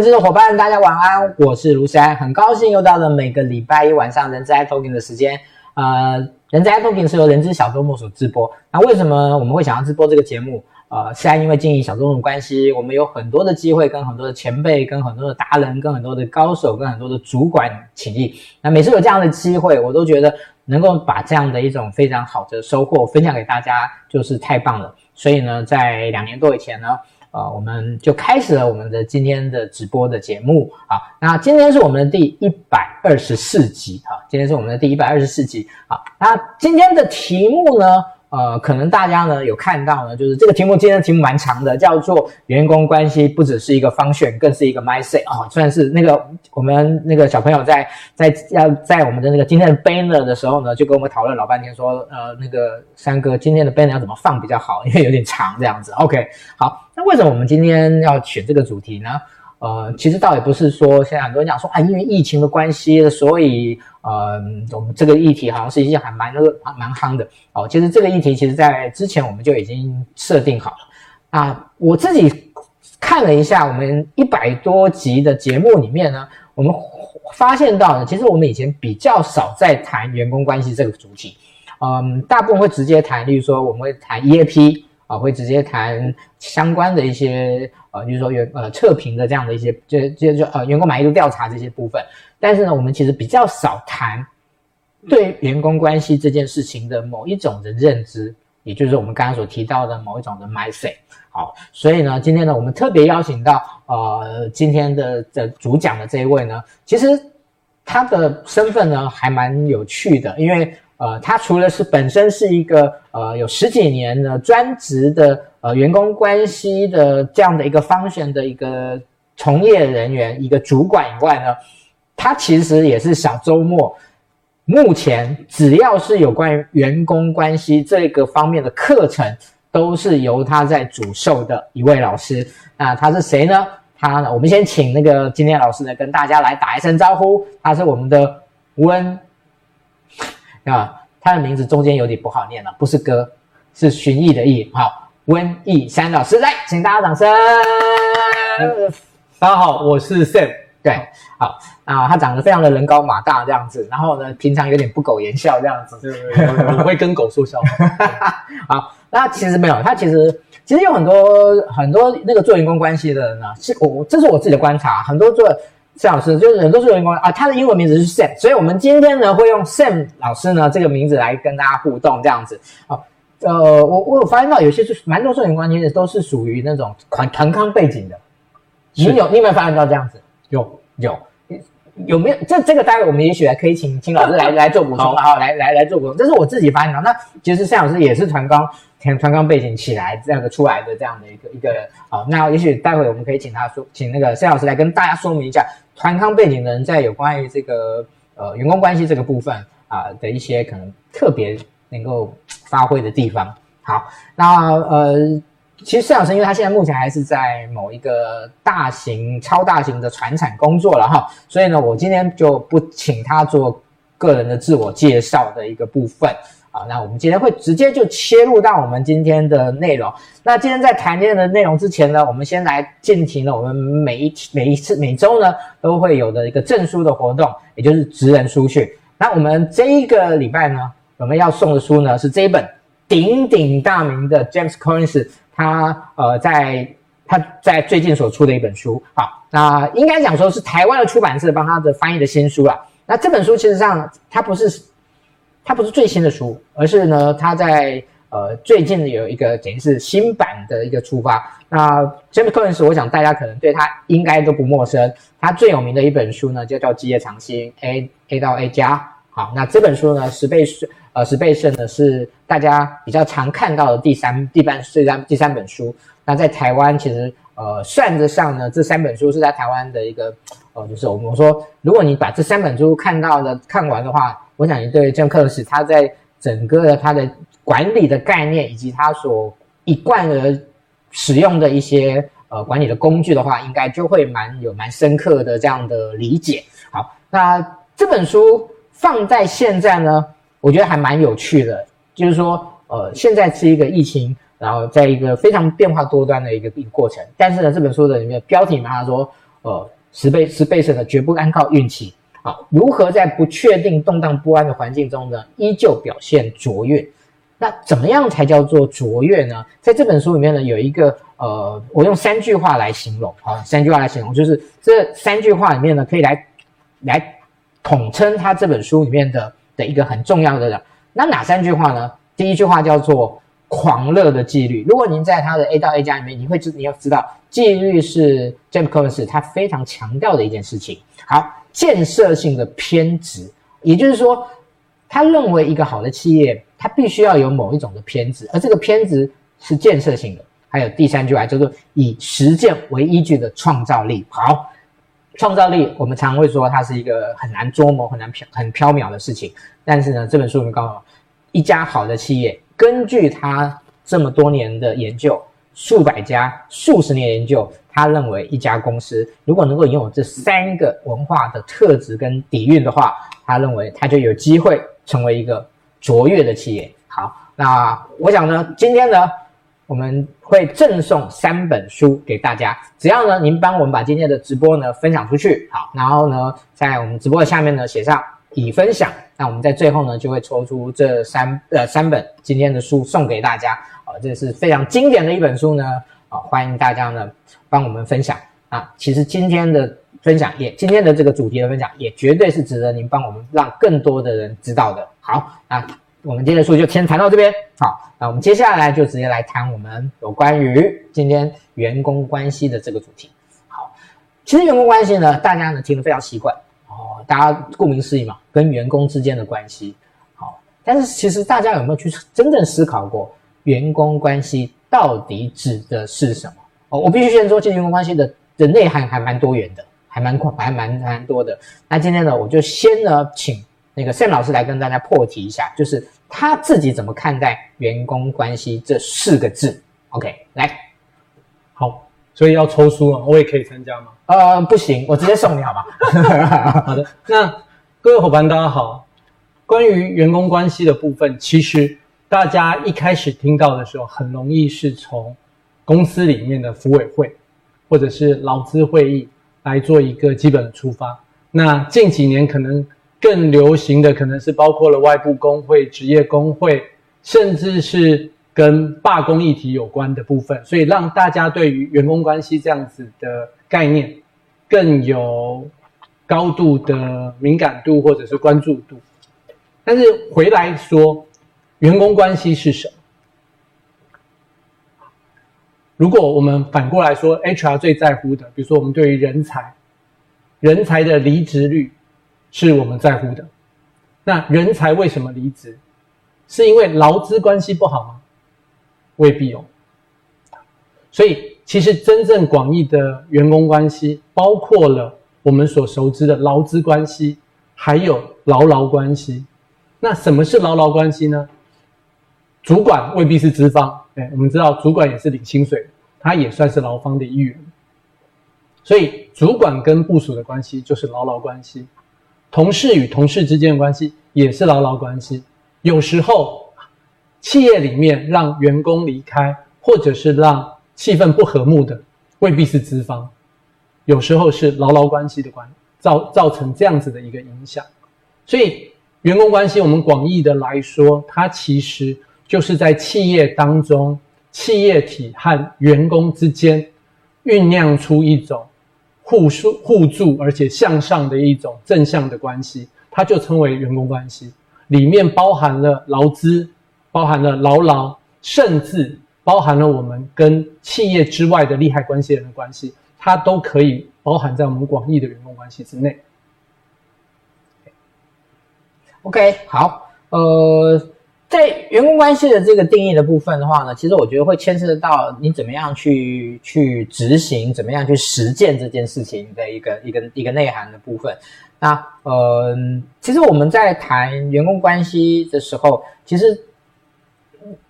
人資的伙伴，大家晚安，我是盧山，很高興又到了每個禮拜一晚上人資 i Talking 的時間。呃，人資 i Talking 是由人資小周末所直播。那為什麼我們會想要直播這個節目？呃，雖然因為經營小周末的關係，我們有很多的機會跟很多的前輩、跟很多的達人、跟很多的高手、跟很多的主管請益。那每次有這樣的機會，我都覺得能夠把這樣的一種非常好的收穫分享給大家，就是太棒了。所以呢，在兩年多以前呢。啊、呃，我們就開始了我們的今天的直播的節目啊。那今天是我們的第一百二十四集啊，今天是我們的第一百二十四集啊。那今天的題目呢？呃，可能大家呢有看到呢，就是這個題目，今天的題目蠻長的，叫做員工關係不只是一個 function，更是一個 mindset 雖、哦、算是那個我們那個小朋友在在要在我們的那個今天的 banner 的時候呢，就跟我們討論老半天說，說呃那個三哥今天的 banner 要怎麼放比較好，因為有點長這樣子。OK，好，那為什麼我們今天要選這個主題呢？呃，其實倒也不是說，現在很多人講說，啊，因為疫情的關係，所以，呃，我們這個議題好像是已經還蠻那個蠻蠻夯的哦。其實這個議題其實在之前我們就已經設定好了啊。我自己看了一下我們一百多集的節目裡面呢，我們發現到呢，其實我們以前比較少在談員工關係這個主題。嗯，大部分會直接談，例如說我們會談 EAP 啊，會直接談相關的一些。呃，就是說員呃測評的這樣的一些，就就就呃員工滿意度調查這些部分，但是呢，我們其實比較少談對員工關係這件事情的某一種的認知，也就是我們剛剛所提到的某一種的 mindset。好，所以呢，今天呢，我們特別邀請到呃今天的的主講的這一位呢，其實他的身份呢還蠻有趣的，因為。呃，他除了是本身是一個呃有十幾年的專職的呃員工關係的這樣的一個方向的一個從業人員、一個主管以外呢，他其實也是小周末目前只要是有關於員工關係這個方面的課程，都是由他在主授的一位老師。那他是誰呢？他呢，我們先請那個今天老師呢跟大家來打一聲招呼，他是我們的溫。啊，他的名字中間有點不好念了、啊，不是“戈，是“巡弋”的“弋”。好，溫弋杉老師，來，請大家掌聲。大家好，我是 Sam。對，好啊，他長得非常的人高馬大這樣子，然後呢，平常有點不苟言笑這樣子，對對對我,我會跟狗說笑話。好，那其實沒有，他其實其實有很多很多那個做員工關係的人啊，是我這是我自己的觀察，很多做。Sam 老師就是很多壽險公司啊，他的英文名字是 Sam，所以我們今天呢會用 Sam 老師呢這個名字來跟大家互動這樣子啊。呃，我我有發現到有些是蠻多壽險公司其實都是屬於那種團團康背景的，是你有你有沒有發現到這樣子？有有。有有沒有？這這個待會我們也許還可以請請老師來來做補充啊，來、哦、來來做補充。這是我自己發現的，那其實 Sam 老師也是團康，團康背景起來這樣的出來的這樣的一個一個人好，呃，那也許待會我們可以請他說，請那個 Sam 老師來跟大家說明一下團康背景的人在有關於這個呃員工關係這個部分啊、呃、的一些可能特別能夠發揮的地方。好，那呃。其實 Sam 老師，因為他現在目前還是在某一個大型，超大型的傳產工作了哈，所以呢，我今天就不請他做個人的自我介紹的一個部分啊。那我們今天會直接就切入到我們今天的內容。那今天在談今天的內容之前呢，我們先來進行了我們每一每一次每周呢都會有的一個證書的活動，也就是職人書訊。那我們這一個禮拜呢，我們要送的書呢是這一本鼎鼎大名的 James Collins。他呃，在他在最近所出的一本書，好，那應該講說是台灣的出版社幫他的翻譯的新書啦，那這本書其實上它不是它不是最新的書，而是呢他在呃最近有一個等於是新版的一個出發，那 James Collins 我想大家可能對他應該都不陌生，他最有名的一本書呢就叫《基業長青》，A A 到 A 加。好，那這本書呢，十倍呃《十倍勝》呃，《十倍勝》呢是大家比較常看到的第三、第半，這三第三本書。那在台灣其實呃，算得上呢，這三本書是在台灣的一個呃，就是我們說，如果你把這三本書看到的看完的話，我想你對任正克老他在整個的他的管理的概念以及他所一貫而使用的一些呃管理的工具的話，應該就會蠻有蠻深刻的這樣的理解。好，那這本書。放在現在呢，我覺得還蠻有趣的，就是說，呃，現在是一個疫情，然後在一個非常變化多端的一個過程。但是呢，這本書的裡面標題嘛，他說，呃，十倍，十倍勝的，絕不單靠運氣，好、啊，如何在不確定、動盪不安的環境中呢，依舊表現卓越？那怎麼樣才叫做卓越呢？在這本書裡面呢，有一個，呃，我用三句話來形容，好、啊，三句話來形容，就是這三句話裡面呢，可以來，來。統稱他這本書裡面的的一個很重要的人，那哪三句話呢？第一句話叫做狂熱的紀律。如果您在他的 A 到 A 加裡面，你會知你要知道紀律是 James Collins 他非常強調的一件事情。好，建設性的偏執，也就是說，他認為一個好的企業，它必須要有某一種的偏執，而這個偏執是建設性的。還有第三句話叫做、就是、以實踐為依據的創造力。好。創造力，我們常會說它是一個很難捉摸，很難飄、很飄渺的事情。但是呢，這本書裡面告訴我們，一家好的企業，根據他這麼多年的研究，數百家、數十年研究，他認為一家公司如果能夠擁有這三個文化的特質跟底蘊的話，他認為他就有機會成為一個卓越的企業。好，那我想呢，今天呢。我們會贈送三本書給大家，只要呢您幫我們把今天的直播呢分享出去，好，然後呢在我們直播的下面呢寫上已分享，那我們在最後呢就會抽出這三呃三本今天的書送給大家，啊、哦，這是非常經典的一本書呢，啊、哦，歡迎大家呢幫我們分享啊，其實今天的分享也今天的這個主題的分享也絕對是值得您幫我們讓更多的人知道的，好啊。我們今天的數就先談到這邊，好，那我們接下來就直接來談我們有關於今天員工關係的這個主題。好，其實員工關係呢，大家呢聽得非常習慣哦，大家顧名思義嘛，跟員工之間的關係。好，哦，但是其實大家有沒有去真正思考過，員工關係到底指的是什麼？哦，我必須先說，今天員工關係的的內涵還蠻多元的，還蠻還蠻還蠻，還蠻多的。那今天呢，我就先呢請。那個 Sam 老師來跟大家破題一下，就是他自己怎麼看待“員工關係”這四個字。OK，來，好，所以要抽書了，我也可以參加嗎？呃，不行，我直接送你、啊、好吧。 好的，那各位伙伴大家好。關於員工關係的部分，其實大家一開始聽到的時候，很容易是從公司裡面的福委會或者是勞資會議來做一個基本的出發。那近幾年可能。更流行的可能是包括了外部工會、職業工會，甚至是跟罷工議題有關的部分，所以讓大家對於員工關係這樣子的概念更有高度的敏感度或者是關注度。但是回來說，員工關係是什麼？如果我們反過來說，HR 最在乎的，比如說我們對於人才、人才的離職率，是我們在乎的。那人才為什麼離職？是因為勞資關係不好嗎？未必哦。所以，其實真正廣義的員工關係，包括了我們所熟知的勞資關係，還有勞勞關係。那什麼是勞勞關係呢？主管未必是資方，哎，我們知道主管也是領薪水，他也算是勞方的一員。所以，主管跟部屬的關係就是勞勞關係。同事與同事之間的關係也是勞勞關係。有時候，企業裡面讓員工離開，或者是讓氣氛不和睦的，未必是資方，有時候是勞勞關係的關造造成這樣子的一個影響。所以，員工關係我們廣義的來說，它其實就是在企業當中，企業體和員工之間醞釀出一種。互助、互助，而且向上的一種正向的關係，它就稱為員工關係。裡面包含了勞資，包含了勞勞，甚至包含了我們跟企業之外的利害關係人的關係，它都可以包含在我們廣義的員工關係之內。OK，好，呃。在員工關係的這個定義的部分的話呢，其實我覺得會牽涉到你怎麼樣去去執行，怎麼樣去實踐這件事情的一個一個一個內涵的部分。那嗯、呃、其實我們在談員工關係的時候，其實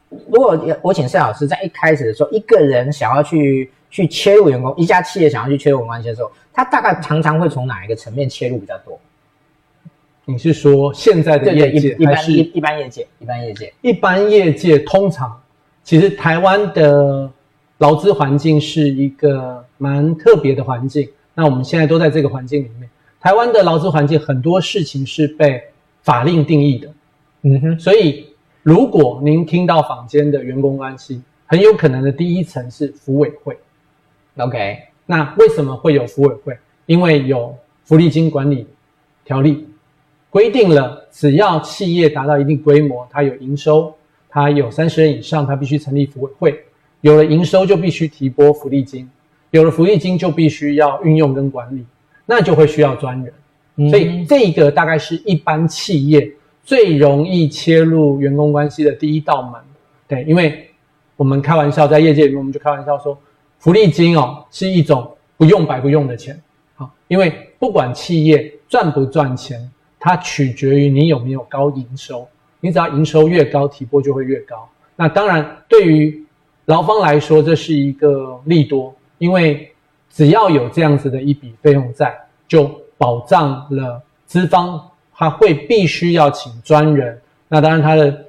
如果我請 Sam 老師在一開始的時候，一個人想要去去切入員工，一家企業想要去切入員工關係的時候，他大概常常會從哪一個層面切入比較多？你是說現在的業界，還是一般業界？一般業界，一般業界。一般業界通常，其實台灣的勞資環境是一個蠻特別的環境。那我們現在都在這個環境裡面。台灣的勞資環境很多事情是被法令定義的。嗯哼。所以如果您聽到坊間的員工關係，很有可能的第一層是福委會。OK。那為什麼會有福委會？因為有《福利金管理條例》。規定了，只要企業達到一定規模，它有營收，它有三十人以上，它必須成立福委會。有了營收就必須提撥福利金，有了福利金就必須要運用跟管理，那就會需要專人。嗯、所以這一個大概是一般企業最容易切入員工關係的第一道門。對，因為我們開玩笑在業界裡面，我們就開玩笑說，福利金哦是一種不用白不用的錢。因為不管企業賺不賺錢。它取決於你有沒有高營收，你只要營收越高，提撥就會越高。那當然，對於勞方來說，這是一個利多，因為只要有這樣子的一筆費用在，就保障了資方他會必須要請專人。那當然，他的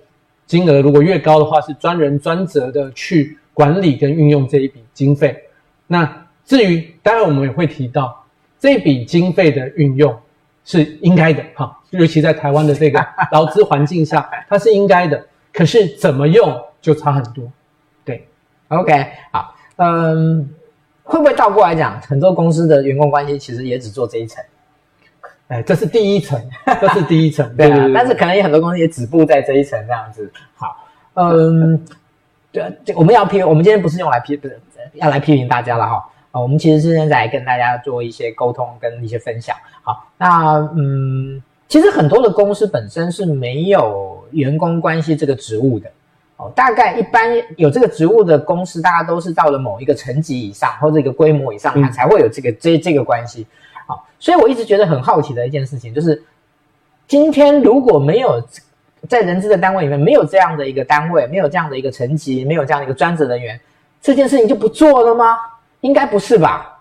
金額如果越高的話，是專人專責的去管理跟運用這一筆經費。那至於待會兒我們也會提到這筆經費的運用。是應該的哈，尤其在台灣的這個勞資環境下， 它是應該的。可是怎麼用就差很多，對，OK，好，嗯，會不會倒過來講？很多公司的員工關係其實也只做這一層，哎，這是第一層，這是第一層，對，對， 對啊。但是可能有很多公司也止步在這一層這樣子。好，嗯， 對，我們要批評，我們今天不是用來批，不是要來批評大家了哈。啊、哦，我們其實之前在跟大家做一些溝通跟一些分享。好，那嗯，其實很多的公司本身是沒有員工關係這個職務的。哦，大概一般有這個職務的公司，大家都是到了某一個層級以上或者一個規模以上，它才會有這個、嗯、這這個關係。好、哦，所以我一直覺得很好奇的一件事情，就是今天如果沒有在人資的單位裡面，沒有這樣的一個單位，沒有這樣的一個層級，沒有這樣的一個專職人員，這件事情就不做了嗎？應該不是吧？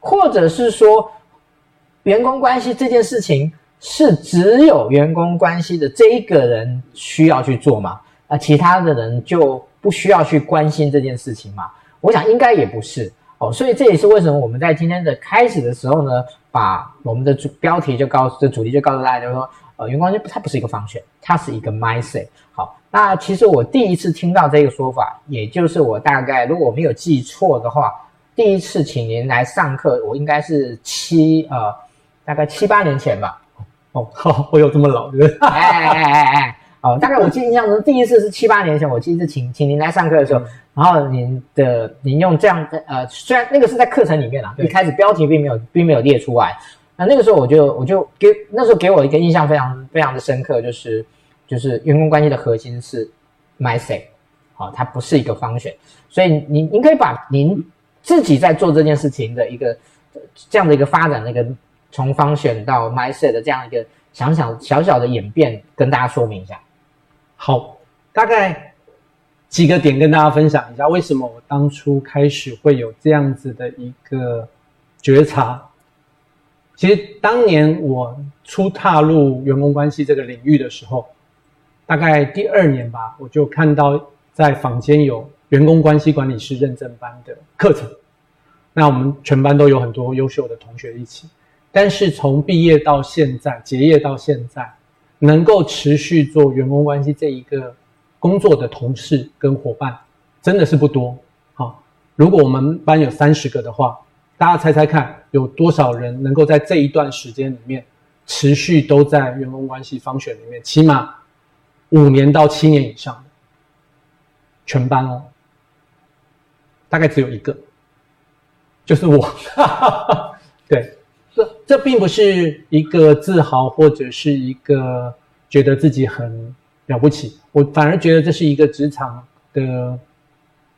或者是說，員工關係這件事情是只有員工關係的這一個人需要去做嗎？那、呃、其他的人就不需要去關心這件事情嗎？我想應該也不是哦。所以這也是為什麼我們在今天的開始的時候呢，把我們的主標題就告訴、這個、主題就告訴大家，就是說，呃，員工關係它不是一個 function，它是一個 mindset。好，那其實我第一次聽到這個說法，也就是我大概如果沒有記錯的話。第一次請您來上課，我應該是七呃，大概七八年前吧。哦，好，我有這麼老人，對不對？哎哎哎哎哎！哦、呃，大概我記憶印象中，第一次是七八年前，我第一次請請您來上課的時候，嗯、然後您的您用這樣的呃，雖然那個是在課程裡面啦，對一開始標題並沒有並沒有列出來。那那個時候我就我就給那時候給我一個印象非常非常的深刻，就是就是員工關係的核心是 Mindset 好、呃，它不是一個 Function，所以您您可以把您。自己在做這件事情的一個這樣的一個發展的一個從 Function 到 Mindset 的這樣一個小小小小的演變，跟大家說明一下。好，大概幾個點跟大家分享一下，為什麼我當初開始會有這樣子的一個覺察。其實當年我初踏入員工關係這個領域的時候，大概第二年吧，我就看到在坊間有員工關係管理師認證班的課程，那我們全班都有很多優秀的同學一起。但是從畢業到現在，結業到現在，能夠持續做員工關係這一個工作的同事跟夥伴，真的是不多。哈、哦，如果我們班有三十個的話，大家猜猜看，有多少人能夠在這一段時間裡面，持續都在員工關係方選裡面，起碼五年到七年以上的，的全班哦？大概只有一個，就是我。哈哈哈，對，這這並不是一個自豪或者是一個覺得自己很了不起，我反而覺得這是一個職場的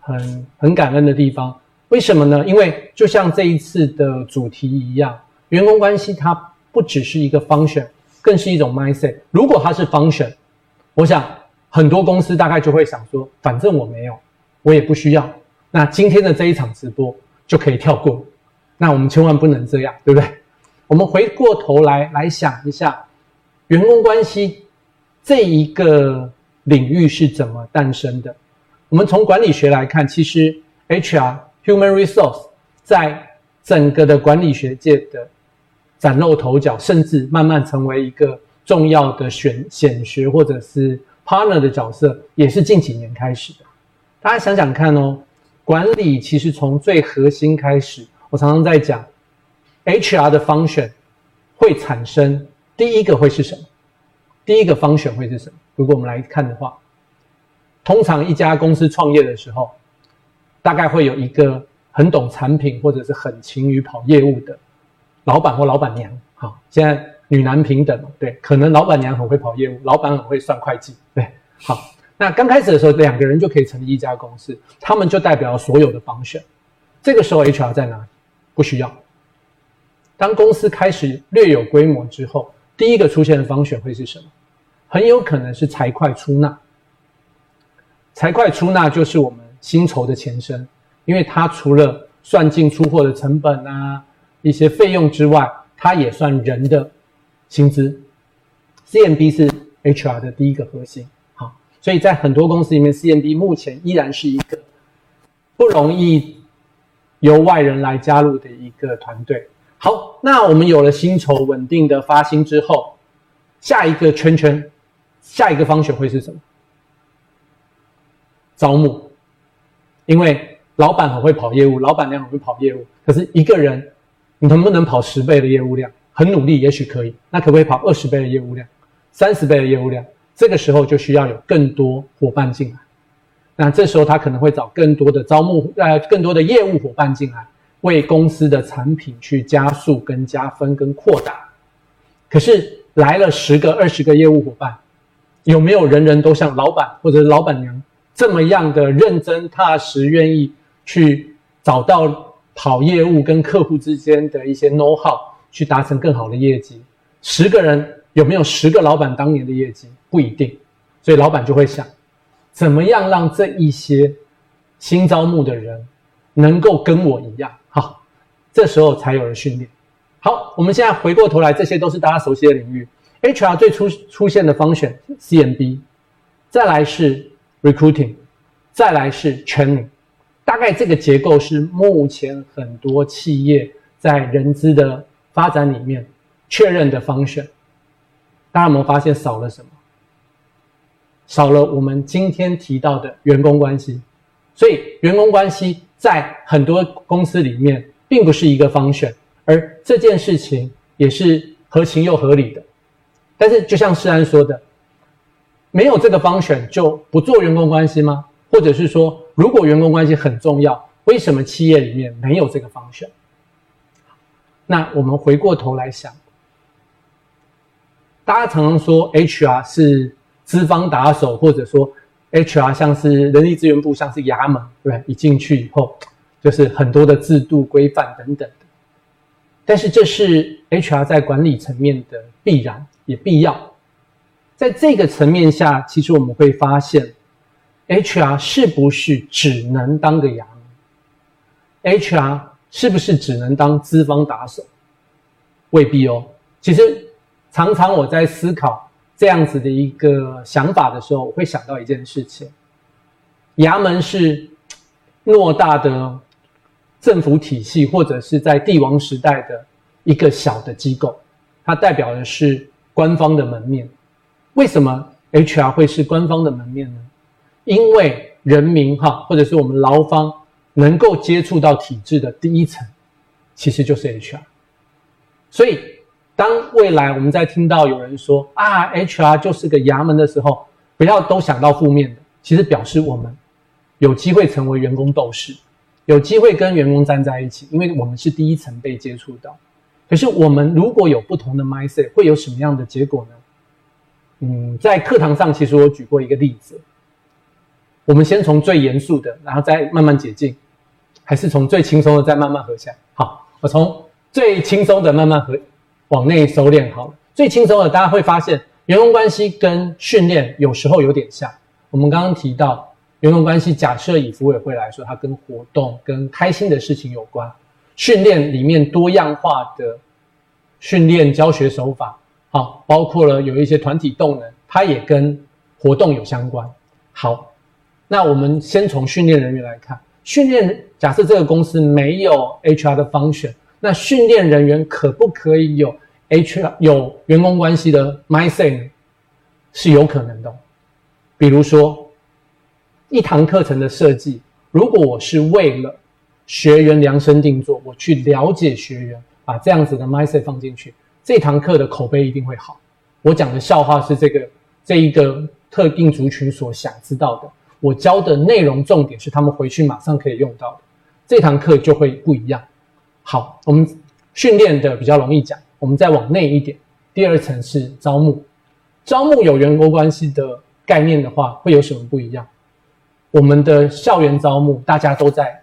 很很感恩的地方。為什麼呢？因為就像這一次的主題一樣，員工關係它不只是一個 function，更是一種 mindset。如果它是 function，我想很多公司大概就會想說：反正我沒有，我也不需要。那今天的這一場直播就可以跳過了，那我們千萬不能這樣，對不對？我們回過頭來來想一下，員工關係這一個領域是怎麼誕生的？我們從管理學來看，其實 HR Human Resource 在整個的管理學界的嶄露頭角，甚至慢慢成為一個重要的選顯學或者是 Partner 的角色，也是近幾年開始的。大家想想看哦。管理其實從最核心開始，我常常在講，HR 的 function 會產生第一個會是什麼？第一個 function 會是什麼？如果我們來看的話，通常一家公司創業的時候，大概會有一個很懂產品或者是很勤於跑業務的老板或老板娘，好，現在女男平等嘛，對，可能老板娘很會跑業務，老板很會算會計，對，好。那剛開始的時候，兩個人就可以成立一家公司，他們就代表所有的 Function。這個時候，HR 在哪裡？不需要。當公司開始略有規模之後，第一個出現的 Function 會是什麼？很有可能是財會出納。財會出納就是我們薪酬的前身，因為它除了算進出貨的成本啊、一些費用之外，它也算人的薪資。C&B 是 HR 的第一個核心。所以在很多公司裡面，C&B 目前依然是一個不容易由外人來加入的一個團隊。好，那我們有了薪酬穩定的發薪之後，下一個圈圈，下一個方選會是什麼？招募，因為老闆很會跑業務，老闆娘很會跑業務。可是一個人，你能不能跑十倍的業務量？很努力，也許可以。那可不可以跑二十倍的業務量？三十倍的業務量？這個時候就需要有更多伙伴進來，那這時候他可能會找更多的招募呃更多的業務夥伴進來，為公司的產品去加速跟加分跟擴大。可是來了十個二十個業務夥伴，有沒有人人都像老板或者老板娘這麼樣的認真踏實，願意去找到跑業務跟客戶之間的一些 know how，去達成更好的業績？十個人有沒有十個老板當年的業績？不一定，所以老闆就會想，怎麼樣讓這一些新招募的人能夠跟我一樣好？這時候才有了訓練。好，我們現在回過頭來，這些都是大家熟悉的領域。H R 最初出，出現的 function C&B，再來是 Recruiting，再來是 Training，大概這個結構是目前很多企業在人資的發展裡面確認的 function。大家有沒有發現少了什麼？少了我們今天提到的員工關係，所以員工關係在很多公司裡面並不是一個 function，而這件事情也是合情又合理的。但是就像詩安說的，沒有這個 function 就不做員工關係嗎？或者是說，如果員工關係很重要，為什麼企業裡面沒有這個 function？那我們回過頭來想，大家常常說 HR 是資方打手，或者說 HR，像是人力資源部，像是衙門，對不對？一進去以後，就是很多的制度規範等等的。但是這是 HR 在管理層面的必然，也必要。在這個層面下，其實我們會發現，HR 是不是只能當個衙門？HR 是不是只能當資方打手？未必哦。其實常常我在思考，這樣子的一個想法的時候，我會想到一件事情：衙門是偌大的政府體系，或者是在帝王時代的一個小的機構，它代表的是官方的門面。為什麼 HR 會是官方的門面呢？因為人民哈，或者是我們勞方能夠接觸到體制的第一層，其實就是 HR。所以，當未來我們在聽到有人說“啊，HR 就是個衙門”的時候，不要都想到負面的，其實表示我們有機會成為員工鬥士，有機會跟員工站在一起，因為我們是第一層被接觸到。可是我們如果有不同的 mindset 會有什麼樣的結果呢？嗯，在課堂上其實我舉過一個例子，我們先從最嚴肅的，然後再慢慢解禁；還是從最輕鬆的，再慢慢合下。好，我從最輕鬆的慢慢合。往內收斂好了，最輕鬆的，大家會發現員工關係跟訓練有時候有點像。我們剛剛提到員工關係，假設以福委會來說，它跟活動、跟開心的事情有關。訓練裡面多樣化的訓練教學手法，好，包括了有一些團體動能，它也跟活動有相關。好，那我們先從訓練人員來看，訓練假設這個公司沒有 HR 的 function。那訓練人員可不可以有 H r 有員工關係的 m y s e t f 是有可能的，比如說一堂課程的設計，如果我是為了學員量身定做，我去了解學員，把這樣子的 m y s e t 放進去，這堂課的口碑一定會好。我講的笑話是這個這一個特定族群所想知道的，我教的內容重點是他們回去馬上可以用到的，這堂課就會不一樣。好，我們訓練的比較容易講，我們再往內一點，第二層是招募。招募有員工關係的概念的話，會有什麼不一樣？我們的校園招募，大家都在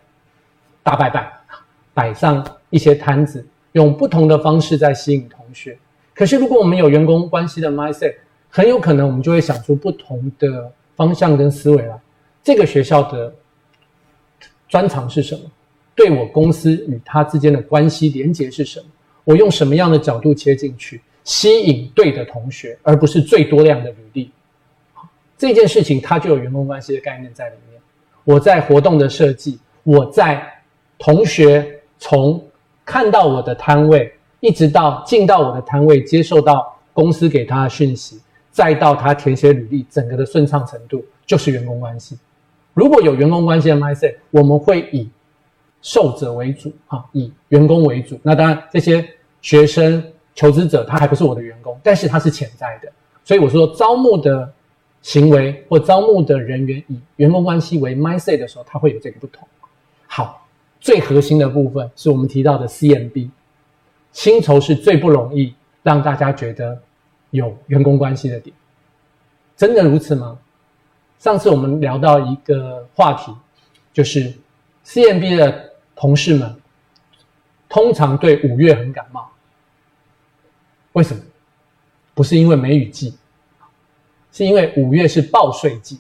大拜拜，擺上一些攤子，用不同的方式在吸引同學。可是，如果我們有員工關係的 mindset，很有可能我們就會想出不同的方向跟思維來。這個學校的專長是什麼？對我公司與他之間的關係連接是什麼？我用什麼樣的角度切進去，吸引對的同學，而不是最多量的履歷。這件事情它就有員工關係的概念在裡面。我在活動的設計，我在同學從看到我的攤位，一直到進到我的攤位，接受到公司給他的訊息，再到他填寫履歷，整個的順暢程度，就是員工關係。如果有員工關係的 mindset，我們會以。受者為主啊，以員工為主。那當然，這些學生、求職者他還不是我的員工，但是他是潛在的。所以我說，招募的行為或招募的人員以員工關係為 mindset 的時候，他會有這個不同。好，最核心的部分是我們提到的 CMB，薪酬是最不容易讓大家覺得有員工關係的點。真的如此嗎？上次我們聊到一個話題，就是 CMB 的。同事們通常對五月很感冒，為什麼？不是因為梅雨季，是因為五月是報稅季。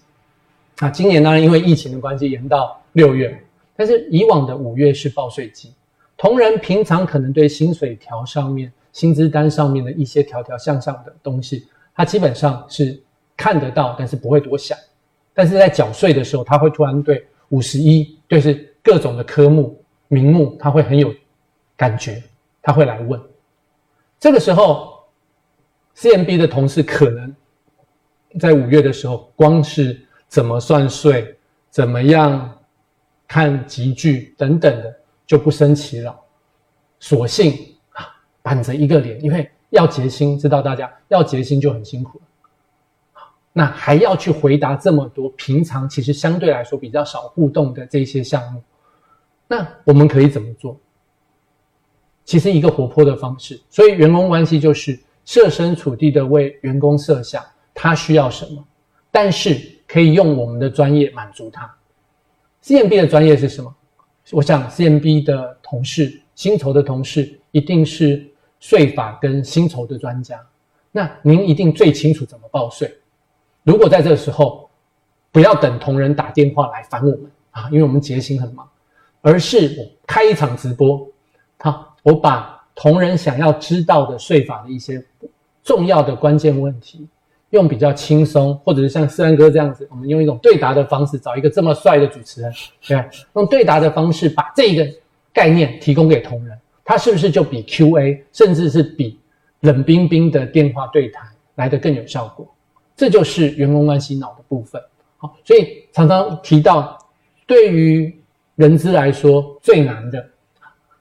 啊，今年呢，因為疫情的關係延到六月，但是以往的五月是報稅季。同仁平常可能對薪水條上面，薪資單上面的一些條條項項的東西，他基本上是看得到，但是不會多想。但是在繳稅的時候，他會突然對五十一，就是各種的科目，名目他會很有感覺，他會來問。這個時候，C&B 的同事可能在五月的時候，光是怎麼算稅、怎麼樣看級距等等的，就不勝其擾了。索性啊，板着一個臉，因為要結薪，知道大家要結薪就很辛苦了。那還要去回答這麼多，平常其實相對來說比較少互動的這些項目。那我們可以怎麼做？其實一個活潑的方式，所以員工關係就是設身處地的為員工設想，他需要什麼，但是可以用我們的專業滿足他。C&B 的專業是什麼？我想 C&B 的同事，薪酬的同事一定是稅法跟薪酬的專家。那您一定最清楚怎麼報稅。如果在這個時候，不要等同仁打電話來煩我們啊，因為我們結薪很忙。而是我開一場直播，好，我把同仁想要知道的稅法的一些重要的關鍵問題，用比較輕鬆，或者是像思安哥這樣子，我們用一種對答的方式，找一個這麼帥的主持人，對，用對答的方式把這個概念提供給同仁，他是不是就比 Q&A，甚至是比冷冰冰的電話對談來得更有效果？這就是員工關係腦的部分。好，所以常常提到對於。人資來說最難的，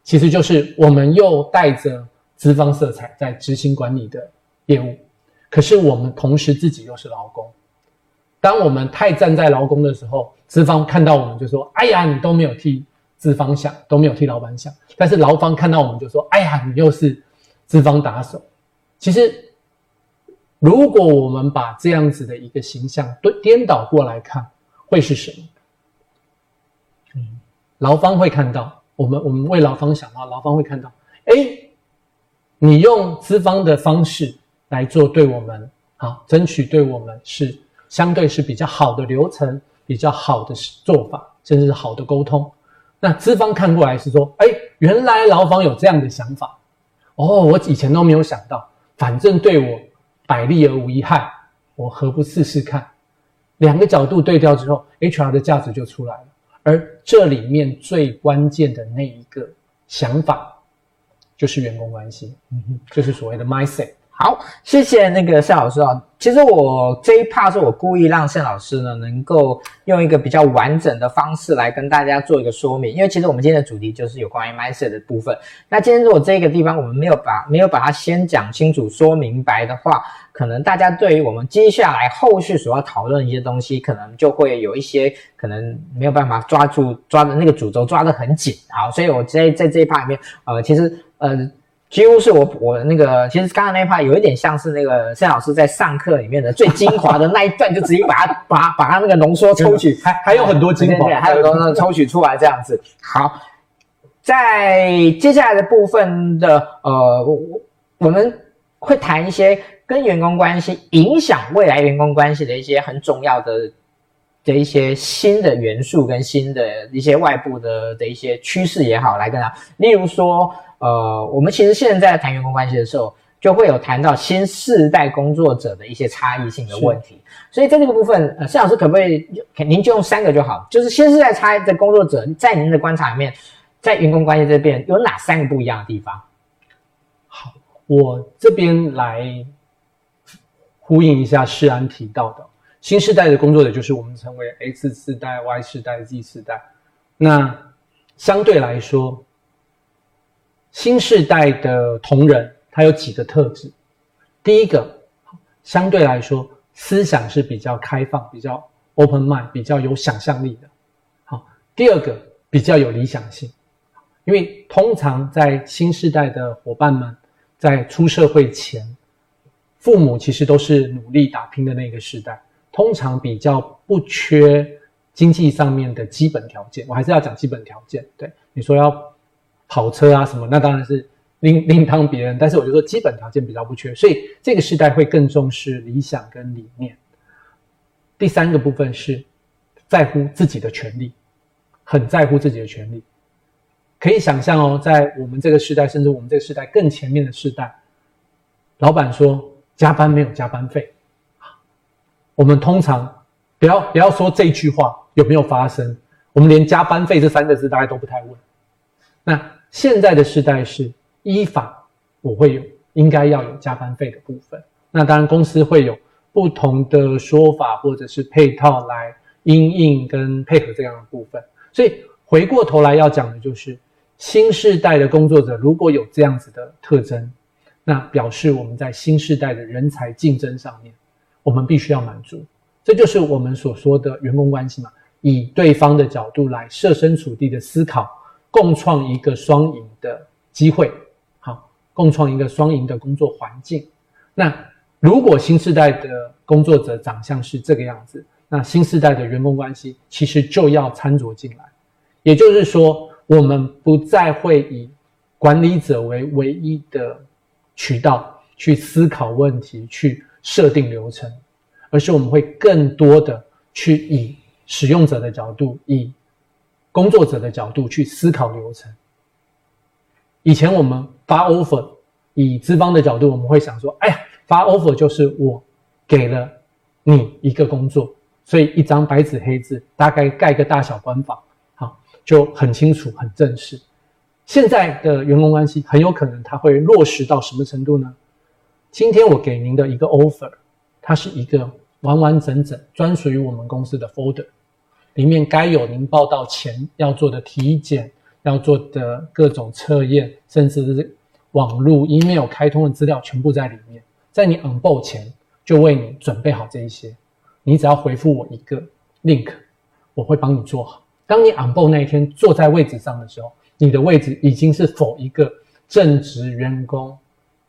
其實就是我們又帶着資方色彩在執行管理的業務，可是我們同時自己又是勞工。當我們太站在勞工的時候，資方看到我們就說：“哎呀，你都沒有替資方想，都沒有替老闆想。”但是勞方看到我們就說：“哎呀，你又是資方打手。”其實，如果我們把這樣子的一個形象對顛倒過來看，會是什麼？勞方會看到我們，我們為勞方想到，勞方會看到，哎，你用資方的方式來做，對我們啊，爭取對我們是相對是比較好的流程，比較好的做法，甚至是好的溝通。那資方看過來是說，哎，原來勞方有這樣的想法，哦，我以前都沒有想到，反正對我百利而無一害，我何不試試看？兩個角度對調之後，HR 的價值就出來了。而這裡面最關鍵的那一個想法，就是員工關係，嗯哼，就是所謂的 mindset。好，謝謝那個杉老師啊，其實我這一趴是我故意讓杉老師呢，能夠用一個比較完整的方式來跟大家做一個說明。因為其實我們今天的主題就是有關於 mindset 的部分。那今天如果這個地方我們沒有把沒有把它先講清楚，說明白的話，可能大家對於我們接下來後續所要討論一些東西，可能就會有一些可能沒有辦法抓住抓的那個主軸抓得很緊。好，所以我在在這一趴裡面，呃，其實，嗯、呃。幾乎是我我那個，其實剛才那一 part 有一點像是那個鄭老師在上課裡面的最精華的那一段，就直接把它 把把它那個濃縮抽取， 還還有很多精華，還有很多抽取出來這樣子。 好，在接下來的部分的呃，我我們會談一些跟員工關係、影響未來員工關係的一些很重要的。的一些新的元素跟新的一些外部的的一些趨勢也好來跟他例如說，呃，我們其實現在談員工關係的時候，就會有談到新世代工作者的一些差異性的問題。是所以在這個部分，呃，施老師可不可以，您就用三個就好，就是新世代差異的工作者在您的觀察裡面，在員工關係這邊有哪三個不一樣的地方？好，我這邊來呼應一下施安提到的。新世代的工作者就是我們稱為 X 世代、Y 世代、Z 世代。那相對來說，新世代的同仁他有幾個特質：第一個，相對來說思想是比較開放、比較 open mind、比較有想象力的；好，第二個比較有理想性，因為通常在新世代的伙伴們在出社會前，父母其實都是努力打拼的那個時代。通常比較不缺經濟上面的基本條件，我還是要講基本條件。對，你說要跑車啊什麼，那當然是另、另當別論。但是我就說基本條件比較不缺，所以這個世代會更重視理想跟理念。第三個部分是在乎自己的權利，很在乎自己的權利。可以想象哦，在我們這個時代，甚至我們這個時代更前面的時代，老闆說加班沒有加班費。我們通常不要不要說這句話有沒有發生，我們連加班費這三個字大概都不太問。那現在的世代是依法，我會有應該要有加班費的部分。那當然公司會有不同的說法或者是配套來因應跟配合這樣的部分。所以回過頭來要講的就是新世代的工作者，如果有這樣子的特徵，那表示我們在新世代的人才競爭上面。我們必須要滿足，這就是我們所說的員工關係嘛。以對方的角度來設身處地的思考，共創一個雙贏的機會，好，共創一個雙贏的工作環境。那如果新世代的工作者長相是這個樣子，那新世代的員工關係其實就要參酌進來。也就是說，我們不再會以管理者為唯一的渠道去思考問題，去。設定流程，而是我們會更多的去以使用者的角度、以工作者的角度去思考流程。以前我們發 offer，以資方的角度，我們會想說，哎呀，發 offer 就是我給了你一個工作，所以一張白紙黑字，大概蓋個大小官方，好，就很清楚、很正式。現在的員工關係很有可能它會落實到什麼程度呢？今天我給您的一個 offer，它是一個完完整整專屬於我們公司的 folder，裡面該有您報到前要做的體檢、要做的各種測驗，甚至是網絡，email 開通的資料，全部在裡面。在你 onboard 前就為你準備好這一些，你只要回復我一個 link，我會幫你做好。當你 onboard 那一天坐在位置上的時候，你的位置已經是否一個正職員工。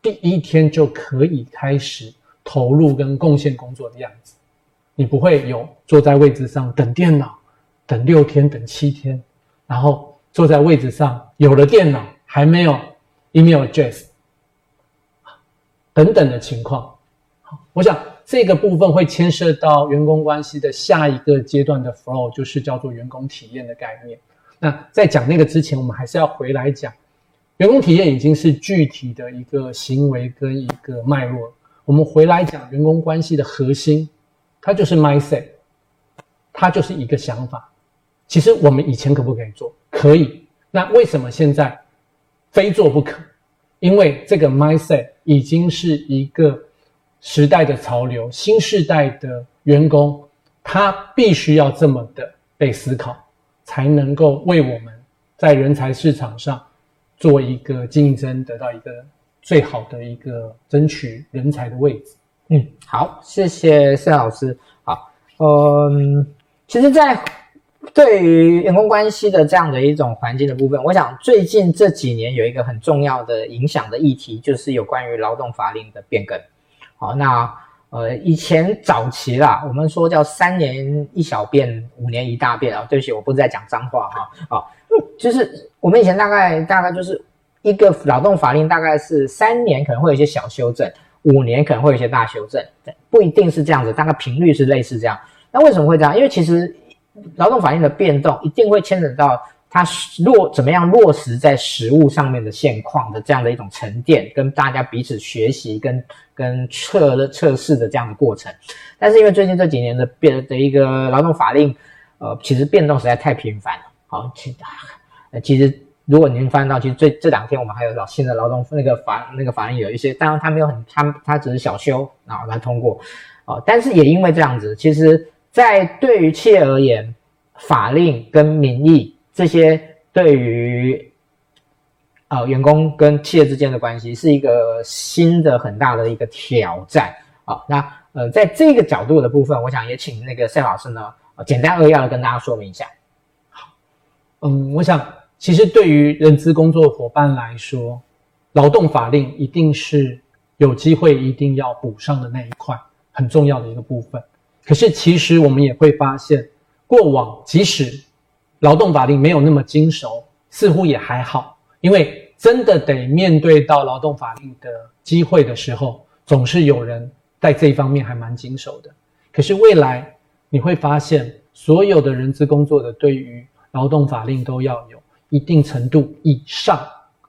第一天就可以開始投入跟貢獻工作的樣子，你不會有坐在位置上等電腦，等六天，等七天，然後坐在位置上有了電腦，還沒有 email address，等等的情況。我想這個部分會牽涉到員工關係的下一個階段的 flow，就是叫做員工體驗的概念。那在講那個之前，我們還是要回來講。員工體驗已經是具體的一個行為跟一個脈絡了。我們回來講員工關係的核心，它就是 mindset，它就是一個想法。其實我們以前可不可以做？可以。那為什麼現在非做不可？因為這個 mindset 已經是一個時代的潮流。新時代的員工，他必須要這麼的被思考，才能夠為我們在人才市場上。做一個競爭，得到一個最好的一個爭取人才的位置。嗯，好，謝謝杉老師。好，嗯，其實，在對於員工關係的這樣的一種環境的部分，我想最近這幾年有一個很重要的影響的議題，就是有關於勞動法令的變更。好，那呃，以前早期啦，我們說叫三年一小變，五年一大變啊。對不起，我不是在講髒話哈。啊。好嗯、就是我們以前大概大概就是一個勞動法令，大概是三年可能會有一些小修正，五年可能會有一些大修正，不一定是這樣子，大概頻率是類似這樣。那為什麼會這樣？因為其實勞動法令的變動一定會牽扯到它落怎麼樣落實在實務上面的現況的這樣的一種沉澱，跟大家彼此學習跟跟測測試的這樣的過程。但是因為最近這幾年的變的一個勞動法令，呃，其實變動實在太頻繁了。好，其實如果您發現到，其實這這兩天我們還有老新的勞動那個法那個法令有一些，當然他沒有很他他只是小修啊，然後來通過，哦，但是也因為這樣子，其實在對於企業而言，法令跟民意這些對於呃員工跟企業之間的關係是一個新的很大的一個挑戰啊，哦。那呃，在這個角度的部分，我想也請那個 Sam 老師呢，簡單扼要的跟大家說明一下。嗯，我想，其實對於人資工作的夥伴來說，勞動法令一定是有機會一定要補上的那一塊很重要的一個部分。可是，其實我們也會發現，過往即使勞動法令沒有那麼精熟，似乎也還好，因為真的得面對到勞動法令的機會的時候，總是有人在這一方面還蠻精熟的。可是未來，你會發現，所有的人資工作的對於勞動法令都要有一定程度以上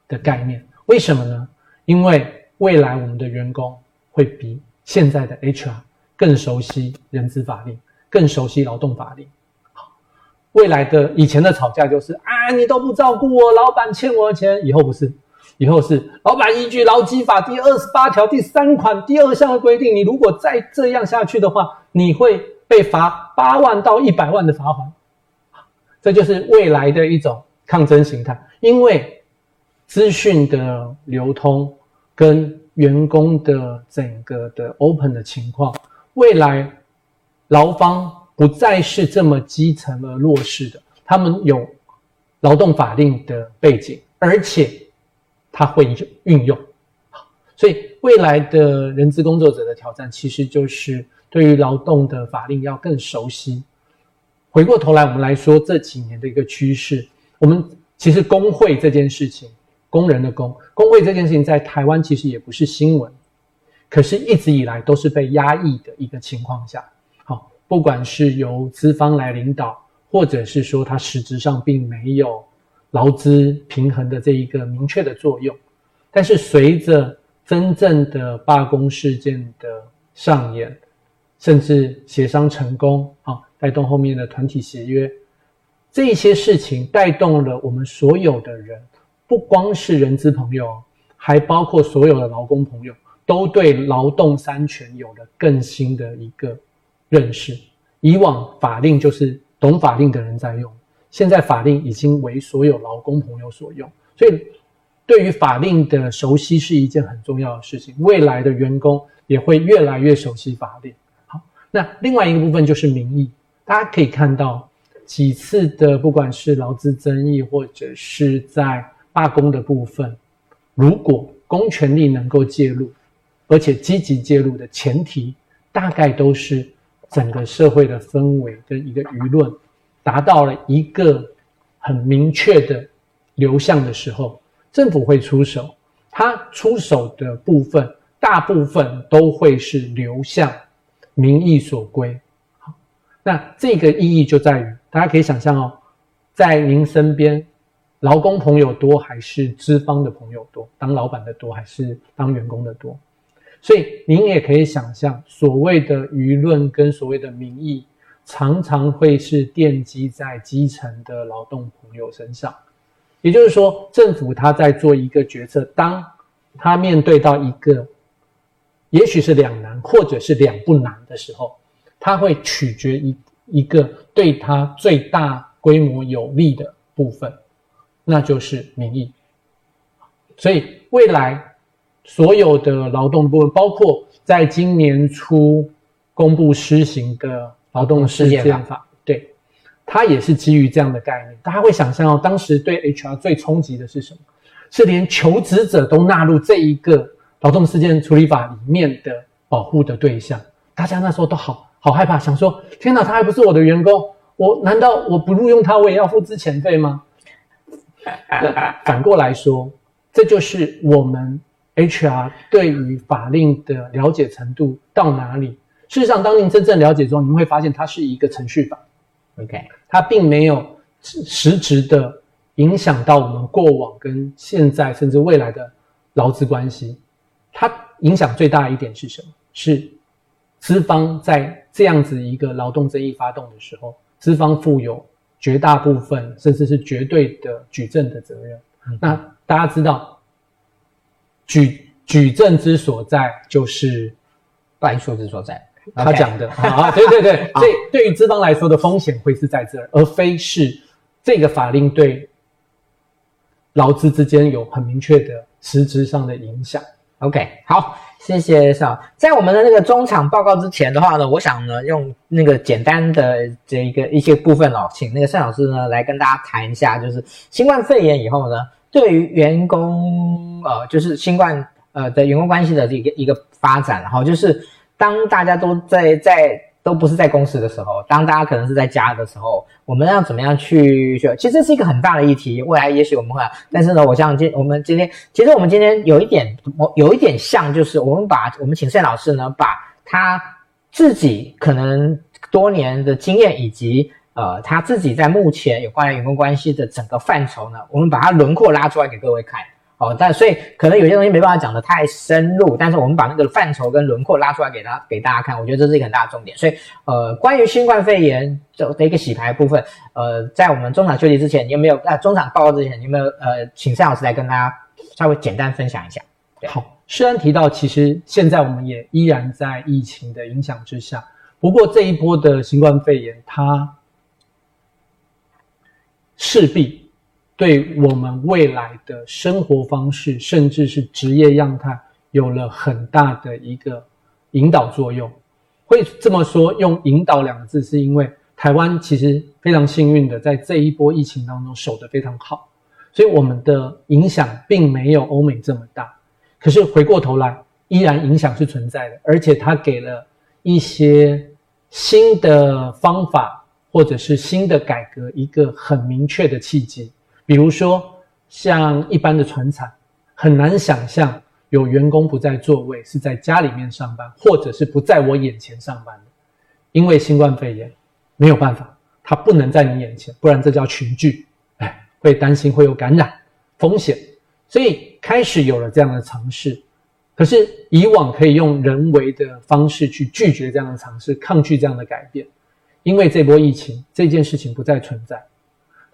的概念，為什麼呢？因為未來我們的員工會比現在的 HR 更熟悉人資法令，更熟悉勞動法令。好，未來的以前的吵架就是啊、哎，你都不照顧我，老闆欠我的錢，以後不是，以後是老闆依據《勞基法》第二十八條第三款第二項的規定，你如果再這樣下去的話，你會被罰八萬到一百萬的罰款。這就是未來的一種抗爭形態，因為資訊的流通跟員工的整個的 open 的情況，未來勞方不再是這麼基層而弱勢的，他們有勞動法令的背景，而且他會運用，所以未來的人資工作者的挑戰其實就是對於勞動的法令要更熟悉。回過頭來，我們來說這幾年的一個趨勢。我們其實工會這件事情，工人的工工會這件事情，在台灣其實也不是新聞，可是一直以來都是被壓抑的一個情況下。好，不管是由資方來領導，或者是說它實質上並沒有勞資平衡的這一個明確的作用。但是隨着真正的罷工事件的上演，甚至協商成功，好。帶動後面的團體協約，這些事情帶動了我們所有的人，不光是人資朋友，還包括所有的勞工朋友，都對勞動三權有了更新的一個認識。以往法令就是懂法令的人在用，現在法令已經為所有勞工朋友所用，所以對於法令的熟悉是一件很重要的事情，未來的員工也會越來越熟悉法令。好，那另外一個部分就是民意。大家可以看到幾次的，不管是勞資爭議或者是在罷工的部分，如果公權力能夠介入，而且積極介入的前提，大概都是整個社會的氛圍跟一個輿論達到了一個很明確的流向的時候，政府會出手。他出手的部分，大部分都會是流向民意所歸。那這個意義就在於，大家可以想象哦，在您身邊，勞工朋友多還是資方的朋友多？當老闆的多還是當員工的多？所以您也可以想象，所謂的輿論跟所謂的民意，常常會是奠基在基層的勞動朋友身上。也就是說，政府他在做一個決策，當他面對到一個，也許是兩難，或者是兩不難的時候。它會取決一一個對它最大規模有利的部分，那就是民意。所以未來所有的勞動的部分，包括在今年初公布施行的勞動事件法，嗯、對它也是基於這樣的概念。大家會想象哦，當時對 HR 最衝擊的是什麼？是連求職者都納入這一個勞動事件處理法裡面的保護的對象。大家那時候都好。好害怕，想說，天哪，他還不是我的員工，我難道我不錄用他，我也要付資遣費嗎？反過來說，這就是我們 HR 對於法令的了解程度到哪裡？事實上，當您真正了解之後，您會發現它是一個程序法，OK，它並沒有實質的影響到我們過往跟現在甚至未來的勞資關係。它影響最大的一點是什麼？是。資方在這樣子一個勞動爭議發動的時候，資方負有絕大部分，甚至是絕對的舉證的責任。嗯、哼那大家知道，舉舉證之所在就是敗訴之所在。他講的 Okay 啊，對對對，所以對於資方來說的風險會是在這兒，而非是這個法令對勞資之間有很明確的實質上的影響。OK，好。謝謝 Sam，在我們的那個中場報告之前的話呢，我想呢用那個簡單的這一個一些部分哦，請那個 Sam 老師呢來跟大家談一下，就是新冠肺炎以後呢，對於員工呃，就是新冠呃的員工關係的一個一個發展，然後就是當大家都在在。都不是在公司的時候，當大家可能是在家的時候，我們要怎麼樣去學？其實這是一個很大的議題，未來也許我們會。但是呢，我想今我們今天，其實我們今天有一點我有一點像，就是我們把我們請 Sam 老師呢，把他自己可能多年的經驗，以及呃他自己在目前有關於員工關係的整個範疇呢，我們把它輪廓拉出來給各位看。哦，但所以可能有些東西沒辦法講得太深入，但是我們把那個範疇跟輪廓拉出來給他給大家看，我覺得這是一個很大的重點。所以，呃，關於新冠肺炎的一個洗牌部分，呃，在我們中場休息之前，你有沒有在、啊、中場報告之前，你有沒有呃，請 Sam 老師來跟大家稍微簡單分享一下？好，雖然提到，其實現在我們也依然在疫情的影響之下，不過這一波的新冠肺炎它勢必。對我們未來的生活方式，甚至是職業樣態，有了很大的一個引導作用。會這麼說，用“引導”兩個字，是因為台灣其實非常幸運的，在這一波疫情當中守得非常好，所以我們的影響並沒有歐美這麼大。可是回過頭來，依然影響是存在的，而且它給了一些新的方法，或者是新的改革，一個很明確的契機。比如說，像一般的傳產，很難想象有員工不在座位，是在家裡面上班，或者是不在我眼前上班的，因為新冠肺炎沒有辦法，他不能在你眼前，不然這叫群聚，哎，會擔心會有感染風險，所以開始有了這樣的嘗試。可是以往可以用人為的方式去拒絕這樣的嘗試，抗拒這樣的改變，因為這波疫情，這件事情不再存在。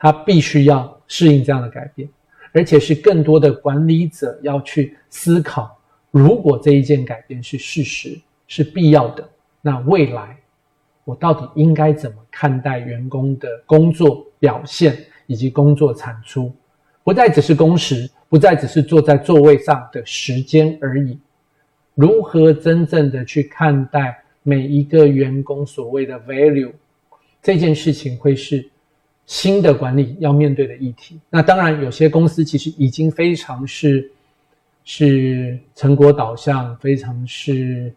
他必須要適應這樣的改變，而且是更多的管理者要去思考：如果這一件改變是事實，是必要的，那未來我到底應該怎麼看待員工的工作表現以及工作產出？不再只是工時，不再只是坐在座位上的時間而已。如何真正的去看待每一個員工所謂的 value 這件事情會是？新的管理要面對的議題，那當然有些公司其實已經非常是是成果導向，非常是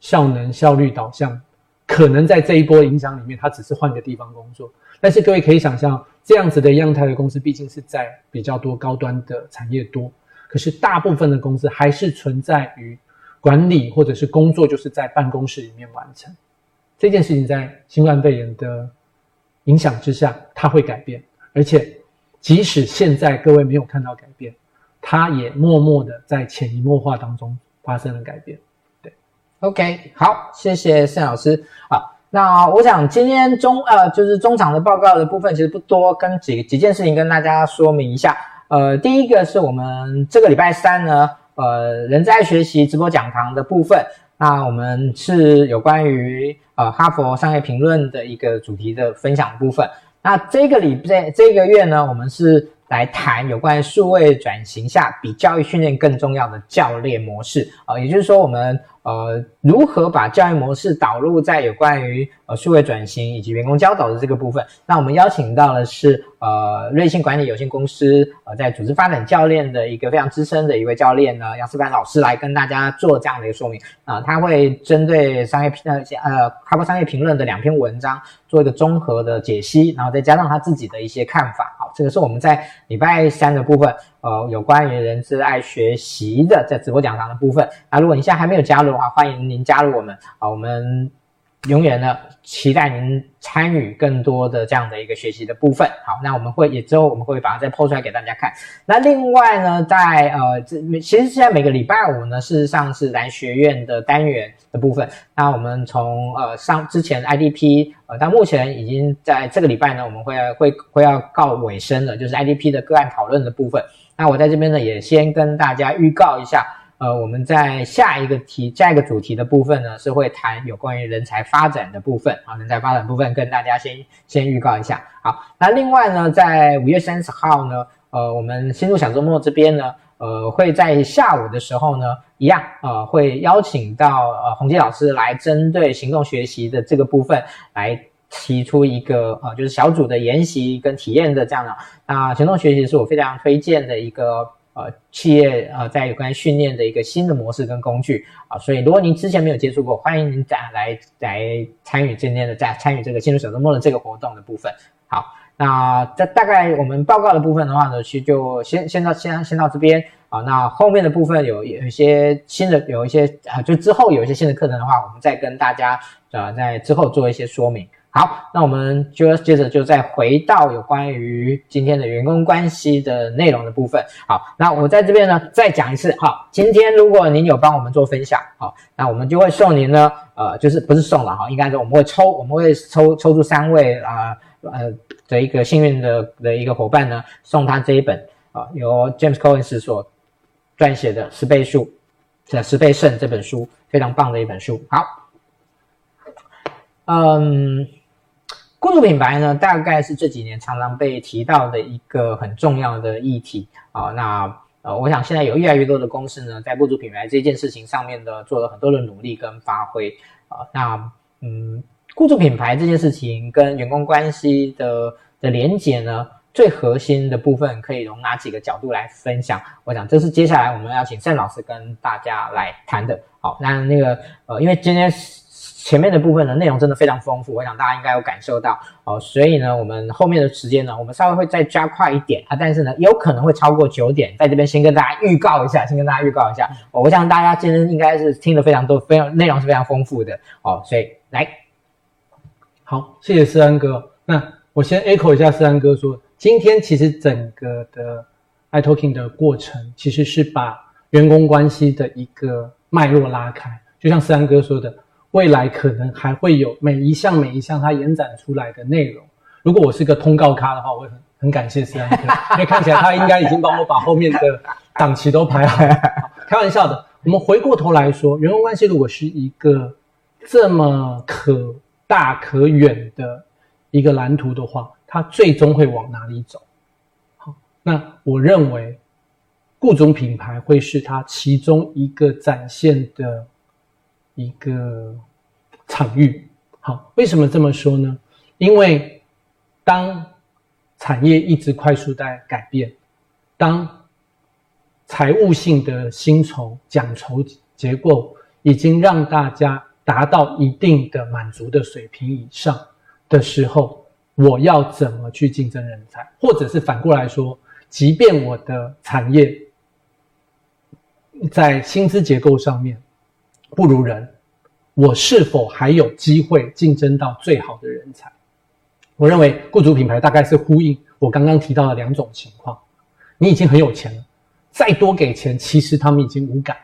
效能效率導向，可能在這一波影響裡面，它只是換個地方工作。但是各位可以想象，這樣子的樣態的公司，畢竟是在比較多高端的產業多，可是大部分的公司還是存在於管理或者是工作，就是在辦公室裡面完成。這件事情在新冠肺炎的。影響之下，它會改變，而且即使現在各位沒有看到改變，它也默默地在潛移默化當中發生了改變。對，OK，好，謝謝 Sam 老師啊。那我想今天中呃就是中場的報告的部分，其實不多，跟幾幾件事情跟大家說明一下。呃，第一個是我們這個禮拜三呢，呃，人在學習直播講堂的部分。那我們是有關於呃哈佛商業評論的一個主題的分享的部分。那這個禮拜，這個月呢，我們是。來談有關於數位轉型下比教育訓練更重要的教練模式啊、呃，也就是說，我們呃如何把教育模式導入在有關於呃數位轉型以及員工教導的這個部分。那我們邀請到的是呃瑞幸管理有限公司呃在組織發展教練的一個非常資深的一位教練呢，楊思凡老師來跟大家做這樣的一個說明啊、呃，他會針對商業呃呃《哈佛商業評論》的兩篇文章做一個綜合的解析，然後再加上他自己的一些看法。這個是我們在禮拜三的部分，呃，有關於人資愛學習的，在直播講堂的部分。那如果您現在還沒有加入的話，歡迎您加入我們好，我們。永遠呢，期待您參與更多的這樣的一個學習的部分。好，那我們會也之後我們會把它再 PO 出來給大家看。那另外呢，在呃，其實現在每個禮拜五呢，事實上是藍學院的單元的部分。那我們從呃上之前 I D P 呃，到目前已經在這個禮拜呢，我們會會會要告尾聲了，就是 I D P 的個案討論的部分。那我在這邊呢，也先跟大家預告一下。呃，我們在下一個題、下一個主題的部分呢，是會談有關於人才發展的部分。啊，人才發展的部分跟大家先先預告一下。好，那另外呢，在五月三十號呢，呃，我們新入小周末這邊呢，呃，會在下午的時候呢，一樣，呃，會邀請到呃宏基老師來針對行動學習的這個部分來提出一個呃，就是小組的研習跟體驗的這樣的。那、啊、行動學習是我非常推薦的一個。呃，企業呃，在有關訓練的一個新的模式跟工具啊、呃，所以如果您之前沒有接觸過，歡迎您再、啊、來來參與今天的再參與這個進入小周末的這個活動的部分。好，那這大概我們報告的部分的話呢，其實就先先到先先到這邊啊，那後面的部分有有，有一些新的有一些啊，就之後有一些新的課程的話，我們再跟大家呃在之後做一些說明。好，那我們就接着就再回到有關於今天的員工關係的內容的部分。好，那我在這邊呢再講一次。好，今天如果您有幫我們做分享，好，那我們就會送您呢，呃，就是不是送了哈，應該說我們會抽，我們會抽抽出三位啊，呃，呃的一個幸運的的一個夥伴呢，送他這一本啊，呃，由 James Collins 所撰寫的十倍數的十倍勝這本書，非常棒的一本書。好，嗯。雇主品牌呢，大概是這幾年常常被提到的一個很重要的議題啊、哦。那呃，我想現在有越來越多的公司呢，在雇主品牌這件事情上面呢，做了很多的努力跟發揮啊、哦。那嗯，雇主品牌這件事情跟員工關係的的連接呢，最核心的部分可以從哪幾個角度來分享？我想這是接下來我們要請 Sam 老師跟大家來談的。好、哦，那那個呃，因為今天前面的部分呢，內容真的非常豐富，我想大家應該有感受到哦。所以呢，我們後面的時間呢，我們稍微會再加快一點啊。但是呢，有可能會超過九點，在這邊先跟大家預告一下，先跟大家預告一下哦。我想大家今天應該是聽得非常多，非常，內容是非常豐富的哦。所以來，好，謝謝思安哥。那我先 echo 一下思安哥說，今天其實整個的 i Talking 的過程其實是把員工關係的一個脈絡拉開，就像思安哥說的。未來可能還會有每一項每一項它延展出來的內容。如果我是一個通告咖的話，我會很很感謝 c o c，因為看起來他應該已經幫我把後面的檔期都排好。 好 開玩笑的，我們回過頭來說，員工關係如果是一個這麼可大可遠的一個藍圖的話，它最終會往哪裡走？好，那我認為僱主品牌會是它其中一個展現的一個場域，好，為什麼這麼說呢？因為當產業一直快速在改變，當財務性的薪酬獎酬結構已經讓大家達到一定的滿足的水平以上的時候，我要怎麼去競爭人才？或者是反過來說，即便我的產業在薪資結構上面，不如人，我是否還有機會競爭到最好的人才？我認為雇主品牌大概是呼應我剛剛提到的兩種情況：你已經很有錢了，再多給錢其實他們已經無感；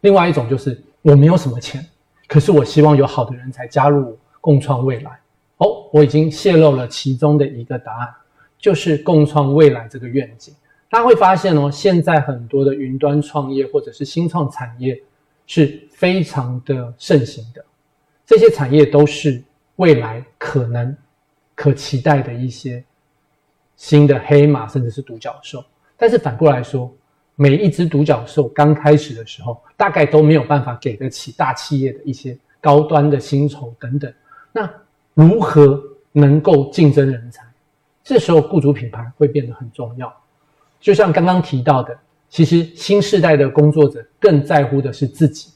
另外一種就是我沒有什麼錢，可是我希望有好的人才加入我，共創未來。哦，我已經洩露了其中的一個答案，就是共創未來這個願景。大家會發現哦，現在很多的雲端創業或者是新創產業是。非常的盛行的這些產業，都是未來可能可期待的一些新的黑馬，甚至是獨角獸。但是反過來說，每一隻獨角獸剛開始的時候，大概都沒有辦法給得起大企業的一些高端的薪酬等等。那如何能夠競爭人才？這時候雇主品牌會變得很重要。就像剛剛提到的，其實新世代的工作者更在乎的是自己。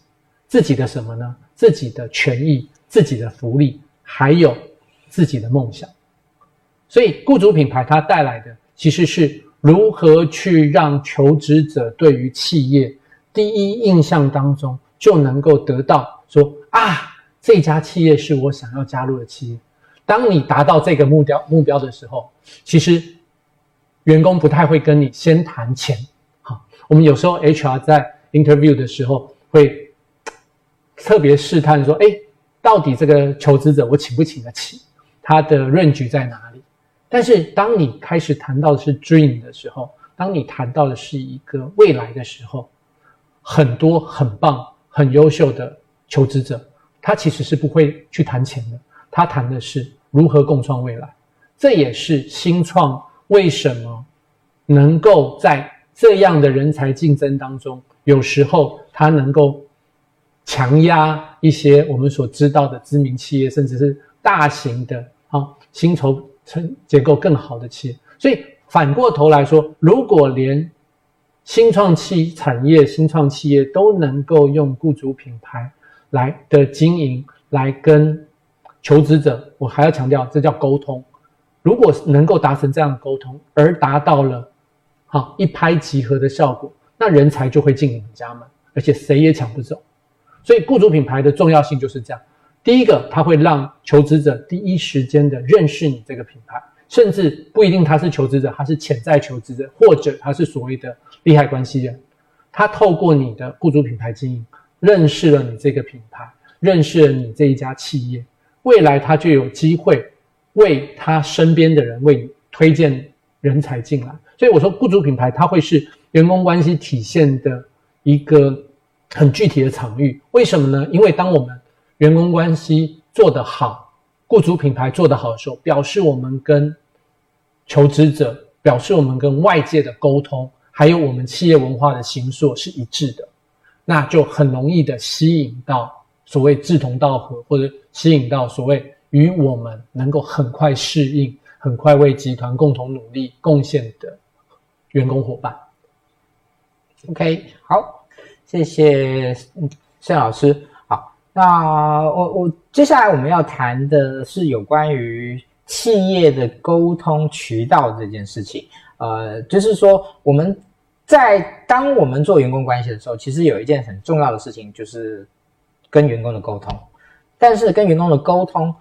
自己的什麼呢？自己的權益、自己的福利，還有自己的夢想。所以，雇主品牌它帶來的其實是如何去讓求職者對於企業第一印象當中就能夠得到說啊，這家企業是我想要加入的企業。當你達到這個目標目標的時候，其實員工不太會跟你先談錢。好，我們有時候 HR 在 interview 的時候會。特別試探說：“哎、欸，到底這個求職者我請不請得起？他的論局在哪裡？”但是當你開始談到的是 dream 的時候，當你談到的是一個未來的時候，很多很棒、很優秀的求職者，他其實是不會去談錢的，他談的是如何共創未來。這也是新創為什麼能夠在這樣的人才競爭當中，有時候他能夠。強壓一些我們所知道的知名企業，甚至是大型的啊，薪酬成結構更好的企業。所以反過頭來說，如果連新創企產業、新創企業都能夠用僱主品牌來的經營，來跟求職者，我還要強調，這叫溝通。如果能夠達成這樣的溝通，而達到了好、啊、一拍即合的效果，那人才就會進你們家門，而且誰也搶不走。所以雇主品牌的重要性就是這樣，第一個，它會讓求職者第一時間的認識你這個品牌，甚至不一定他是求職者，他是潛在求職者，或者他是所謂的利害關係人，他透過你的雇主品牌經營，認識了你這個品牌，認識了你這一家企業，未來他就有機會為他身邊的人為你推薦人才進來。所以我說雇主品牌，它會是員工關係體現的一個。很具體的場域，為什麼呢？因為當我們員工關係做得好，雇主品牌做得好的時候，表示我們跟求職者，表示我們跟外界的溝通，還有我們企業文化的形塑是一致的，那就很容易的吸引到所謂志同道合，或者吸引到所謂與我們能夠很快適應、很快為集團共同努力貢獻的員工夥伴。OK，好。謝謝，嗯，謝老師。好，那我我，接下來我們要談的是有關於企業的溝通渠道這件事情。呃，就是說我們在當我們做員工關係的時候，其實有一件很重要的事情就是跟員工的溝通，但是跟員工的溝通。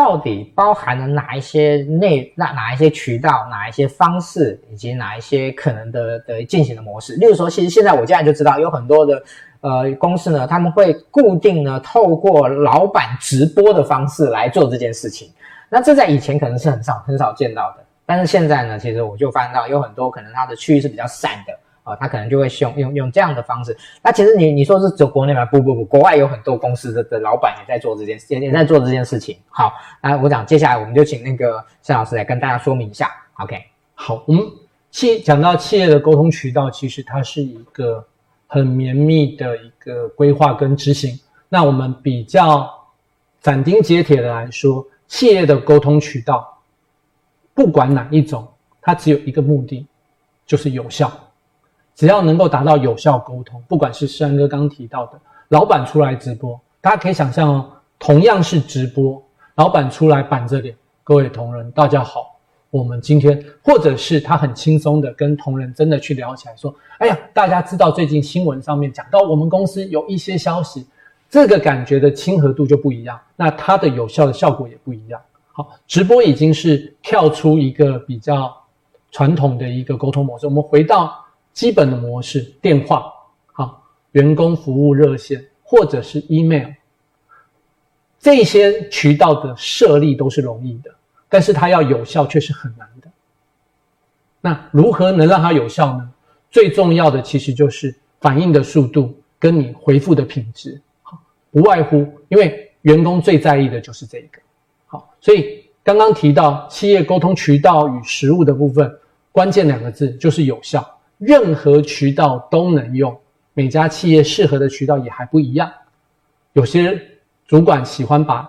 到底包含了哪一些內、哪哪一些渠道、哪一些方式，以及哪一些可能的的進行的模式？例如說，其實現在我現在就知道有很多的呃公司呢，他們會固定呢透過老板直播的方式來做這件事情。那這在以前可能是很少很少見到的，但是現在呢，其實我就發現到有很多可能它的區域是比較散的。啊、哦，他可能就會用用用這樣的方式。那其實你你說是走國內嘛？不不不，國外有很多公司的的老闆也在做這件事，也在做這件事情。好，來，我講接下來我們就請那個 Sam 老師來跟大家說明一下。OK，好，我們企業講到企業的溝通渠道，其實它是一個很綿密的一個規劃跟執行。那我們比較斬釘截鐵的來說，企業的溝通渠道，不管哪一種，它只有一個目的，就是有效。只要能夠達到有效溝通，不管是 Sam 哥剛提到的老闆出來直播，大家可以想象哦，同樣是直播，老闆出來板着臉，各位同仁，大家好，我們今天，或者是他很輕鬆的跟同仁真的去聊起來，說，哎呀，大家知道最近新聞上面講到我們公司有一些消息，這個感覺的親和度就不一樣，那它的有效的效果也不一樣。好，直播已經是跳出一個比較傳統的一個溝通模式，我們回到。基本的模式，電話、啊員工服務熱線，或者是 email，這些渠道的設立都是容易的，但是它要有效卻是很難的。那如何能讓它有效呢？最重要的其實就是反應的速度跟你回復的品質，好，不外乎因為員工最在意的就是這個。好，所以剛剛提到企業溝通渠道與實務的部分，關鍵兩個字就是有效。任何渠道都能用，每家企業適合的渠道也還不一樣。有些主管喜歡把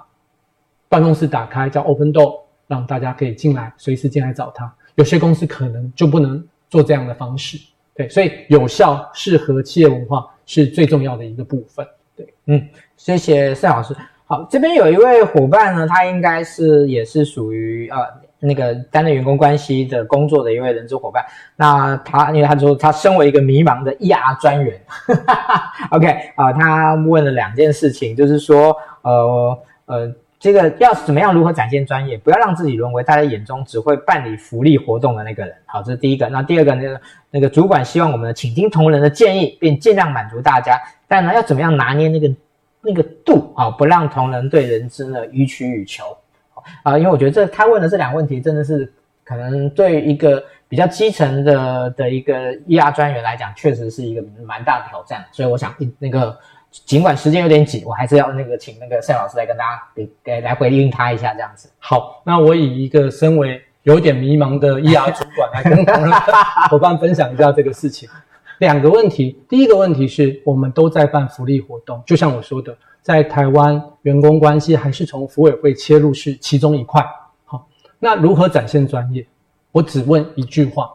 辦公室打開，叫 open door，讓大家可以進來，隨時進來找他。有些公司可能就不能做這樣的方式，對。所以有效、適合企業文化是最重要的一個部分。對，嗯，謝謝 Sam 老師。好，這邊有一位伙伴呢，他應該是也是屬於啊。嗯那個擔任員工關係的工作的一位人資夥伴，那他因為他說他身為一個迷茫的 E.R. 專員 ，OK 哈哈哈啊，他問了兩件事情，就是說呃呃，這個要怎麼樣如何展現專業，不要讓自己淪為大家眼中只會辦理福利活動的那個人。好，這是第一個。那第二個呢，那個主管希望我們請聽同仁的建議，並盡量滿足大家，但是呢，要怎麼樣拿捏那個那個度啊，哦，不讓同仁對人資呢予取予求。啊、呃，因為我覺得這他問的這兩個問題，真的是可能對於一個比較基層的的一個 E R 專員來講，確實是一個蠻大的挑戰。所以我想一，那個儘管時間有點緊，我還是要那個請那個 Sam 老師來跟大家給給來回應他一下，這樣子。好，那我以一個身為有點迷茫的 E R 主管來跟夥伴分享一下這個事情。 兩個問題，第一個問題是，我們都在辦福利活動，就像我說的。在台灣，員工關係還是從福委會切入，是其中一塊。好，那如何展現專業？我只問一句話：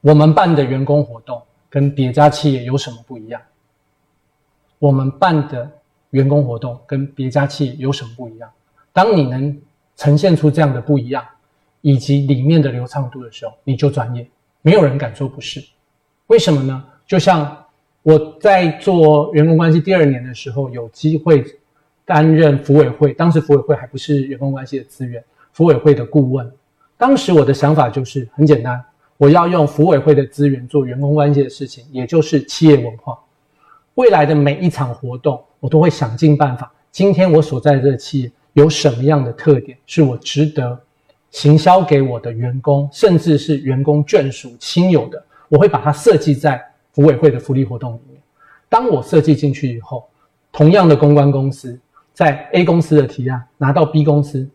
我們辦的員工活動跟別家企業有什麼不一樣？我們辦的員工活動跟別家企業有什麼不一樣？當你能呈現出這樣的不一樣，以及裡面的流暢度的時候，你就專業。沒有人敢說不是。為什麼呢？就像。我在做員工關係第二年的時候，有機會擔任福委會，當時福委會還不是員工關係的資源，福委會的顧問。當時我的想法就是很簡單，我要用福委會的資源做員工關係的事情，也就是企業文化。未來的每一場活動，我都會想盡辦法。今天我所在的這個企業有什麼樣的特點，是我值得行銷給我的員工，甚至是員工眷屬親友的，我會把它設計在。福委會的福利活動裡面，當我設計進去以後，同樣的公關公司在 A 公司的提案拿到 B 公司，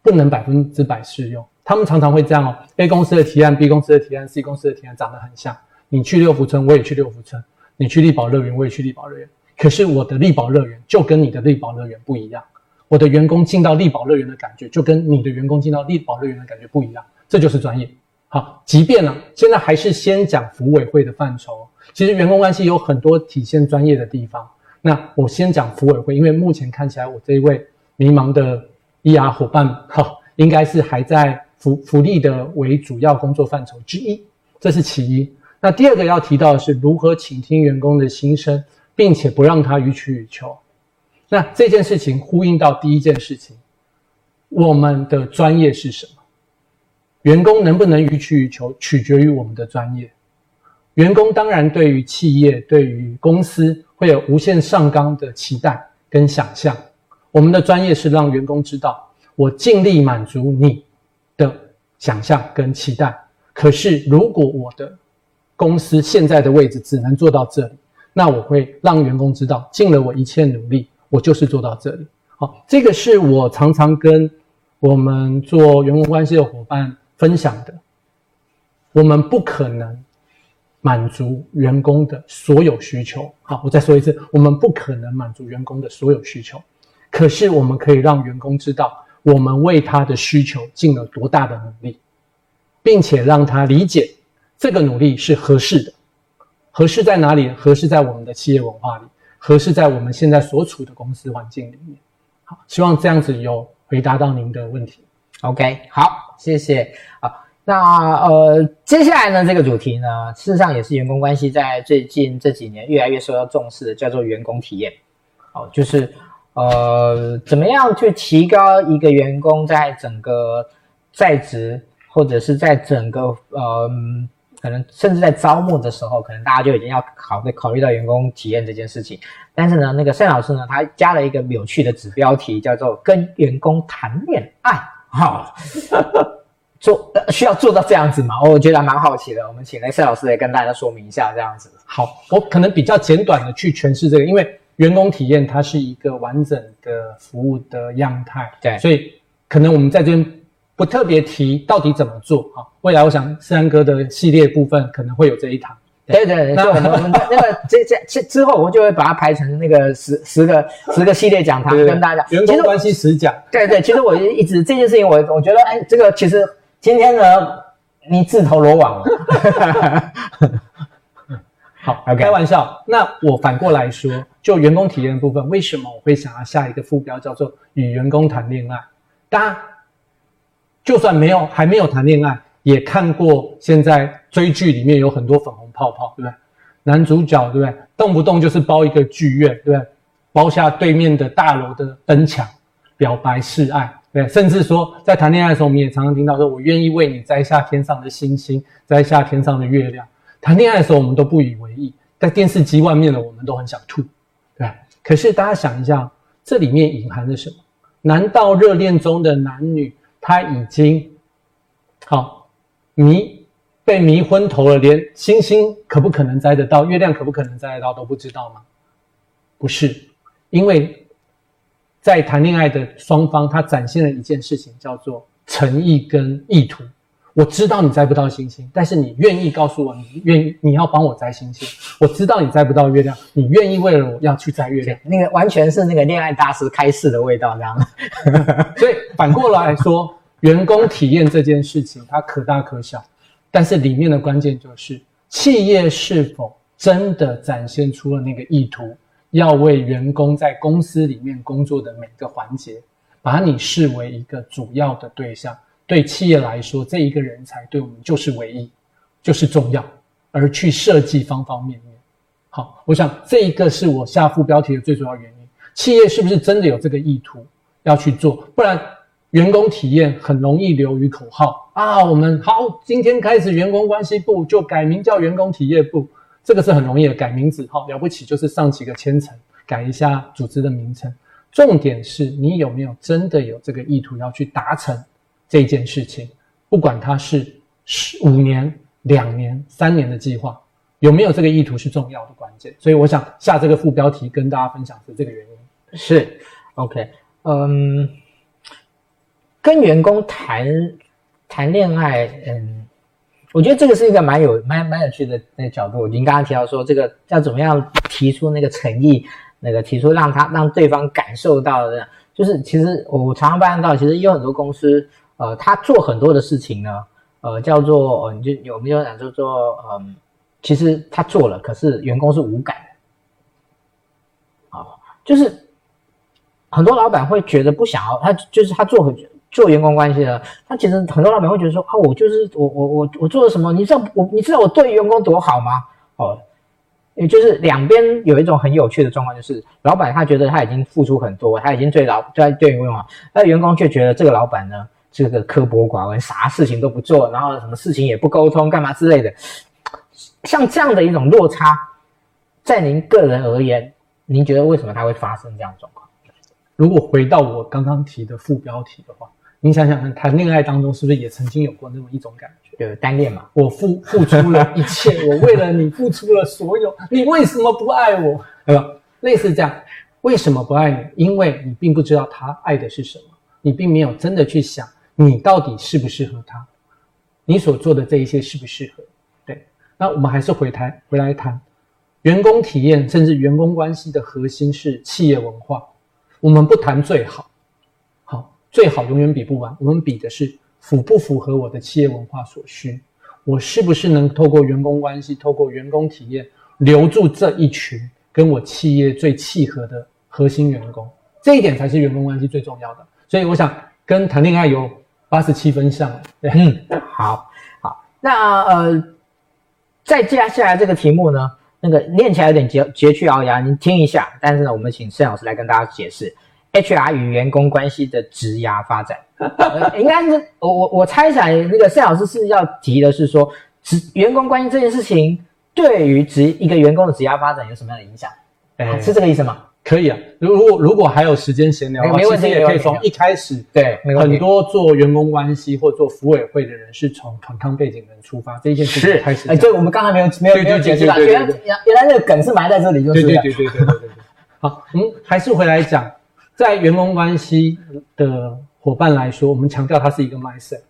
不能百分之百適用。他們常常會這樣哦：A 公司的提案、B 公司的提案、C 公司的提案長得很像。你去六福村，我也去六福村；你去麗寶樂園，我也去麗寶樂園。可是我的麗寶樂園就跟你的麗寶樂園不一樣，我的員工進到麗寶樂園的感覺就跟你的員工進到麗寶樂園的感覺不一樣。這就是專業。好，即便呢、啊，現在還是先講福委會的範疇。其實員工關係有很多體現專業的地方。那我先講福委會，因為目前看起來我這一位迷茫的 ER 夥伴，哈，應該是還在福福利的為主要工作範疇之一，這是其一。那第二個要提到的是如何傾聽員工的心聲，並且不讓他予取予求。那這件事情呼應到第一件事情，我們的專業是什麼？員工能不能予取予求，取決於我們的專業。員工當然對於企業、對於公司會有無限上綱的期待跟想象我們的專業是讓員工知道，我盡力滿足你的想象跟期待。可是如果我的公司現在的位置只能做到這裡，那我會讓員工知道，盡了我一切努力，我就是做到這裡。好，這個是我常常跟我們做員工關係的夥伴分享的。我們不可能。滿足員工的所有需求。好，我再說一次，我們不可能滿足員工的所有需求，可是我們可以讓員工知道我們為他的需求盡了多大的努力，並且讓他理解這個努力是合適的。合適在哪裡？合適在我們的企業文化裡，合適在我們現在所處的公司環境裡面。好，希望這樣子有回答到您的問題。OK，好，謝謝。啊。那呃，接下來呢，這個主題呢，事實上也是員工關係在最近這幾年越來越受到重視的，叫做員工體驗，哦，就是呃，怎麼樣去提高一個員工在整個在職或者是在整個呃，可能甚至在招募的時候，可能大家就已經要考慮考慮到員工體驗這件事情。但是呢，那個 Sam 老師呢，他加了一個有趣的子標題，叫做“跟員工談戀愛”哈、哦。 做需要做到這樣子嗎？我覺得還蠻好奇的。我們請雷射老師來跟大家說明一下這樣子。好，我可能比較簡短的去詮釋這個，因為員工體驗它是一個完整的服務的樣態。對，所以可能我們在這邊不特別提到底怎麼做哈。未來我想思安哥的系列部分可能會有這一堂。對對，對，對，對那，那我們我們 那個這這之之後，我們就會把它排成那個十十個十個系列講堂跟大家講，對對。員工關係十講。對對，其實我一直 這件事情我，我我覺得哎，這個其實。今天呢，你自投羅網了。哈哈哈。好，Okay. 開玩笑。那我反過來說，就員工體驗的部分，為什麼我會想要下一個副標叫做“與員工談戀愛”？當然，就算沒有，還沒有談戀愛，也看過現在追劇裡面有很多粉紅泡泡，對不對？男主角，對不對？動不動就是包一個劇院，對不對？包下對面的大樓的燈牆表白示愛。對，甚至說在談戀愛的時候，我們也常常聽到說“我願意為你摘下天上的星星，摘下天上的月亮”。談戀愛的時候我們都不以為意，在電視機外面的我們都很想吐。對，可是大家想一下，這裡面隱含着什麼？難道熱戀中的男女他已經好迷，被迷昏頭了，連星星可不可能摘得到，月亮可不可能摘得到都不知道嗎？不是，因為。在談戀愛的雙方，他展現了一件事情，叫做誠意跟意圖。我知道你摘不到星星，但是你願意告訴我你願，你願意你要幫我摘星星。我知道你摘不到月亮，你願意為了我要去摘月亮。那個完全是那個戀愛大師開示的味道，這樣子。 所以反過來說，員工體驗這件事情，它可大可小，但是裡面的關鍵就是企業是否真的展現出了那個意圖。要為員工在公司裡面工作的每個環節，把你視為一個主要的對象。對企業來說，這一個人才對我們就是唯一，就是重要，而去設計方方面面。好，我想這一個是我下副標題的最主要原因。企業是不是真的有這個意圖要去做？不然員工體驗很容易流於口號啊。我們好，今天開始員工關係部就改名叫員工體驗部。這個是很容易的，改名字好了不起，就是上幾個簽呈，改一下組織的名稱。重點是你有沒有真的有這個意圖要去達成這件事情，不管它是十五年、兩年、三年的計劃，有沒有這個意圖是重要的關鍵。所以我想下這個副標題跟大家分享是這個原因。是 OK，嗯，跟員工談談戀愛，嗯。我覺得這個是一個蠻有蠻蠻有趣的那個角度。您剛剛提到說這個要怎麼樣提出那個誠意，那個提出讓他讓對方感受到的，就是其實我常常發現到，其實有很多公司，呃，他做很多的事情呢，呃，叫做你就有沒有想說做，嗯，其實他做了，可是員工是無感的，啊，就是很多老闆會覺得不想要他，就是他做會覺得。做員工關係的，他其實很多老板會覺得說：“啊、哦，我就是我，我，我，我做了什麼？你知道我，你知道我對員工多好嗎？”哦，也就是兩邊有一種很有趣的狀況，就是老板他覺得他已經付出很多，他已經對老在對對員工好，但員工卻覺得這個老板呢，是、這個刻薄寡恩，啥事情都不做，然後什麼事情也不溝通，幹嘛之類的。像這樣的一種落差，在您個人而言，您覺得為什麼他會發生這樣的狀況？如果回到我剛剛提的副標題的話。你想想看，談戀愛當中是不是也曾經有過那麼一種感覺？對，單戀嘛，我付付出了一切， 我為了你付出了所有，你為什麼不愛我？對吧？類似這樣，為什麼不愛你？因為你並不知道他愛的是什麼，你並沒有真的去想你到底適不適合他，你所做的這一切適不適合？對，那我們還是回談，回來談員工體驗，甚至員工關係的核心是企業文化。我們不談最好。最好永遠比不完。我們比的是符不符合我的企業文化所需，我是不是能透過員工關係，透過員工體驗，留住這一群跟我企業最契合的核心員工？這一點才是員工關係最重要的。所以我想跟談戀愛有八十七分像。嗯，好，好。那呃，再接下來這個題目呢，那個念起來有點佶屈聱牙，您聽一下。但是呢，我們請 Sam 老師來跟大家解釋。HR 與員工關係的職涯發展， 應該是我我我猜一想那個 Sam 老師，是要提的是說，職員工關係這件事情對於職一個員工的職涯發展有什麼樣的影響，欸，是這個意思嗎？可以啊，如果如果還有時間閒聊，欸，沒問題也可以從一開始。對很多做員工關係或做福委會的人是從健康背景的人出發，這一件事情開始。哎，對、欸，我們剛才沒有沒有沒有解釋啊，原來原來那個梗是埋在這裡，就是對對對，對對對對對對。好、 嗯，我們還是回來講。在員工關係的夥伴來說，我們強調它是一個 mindset。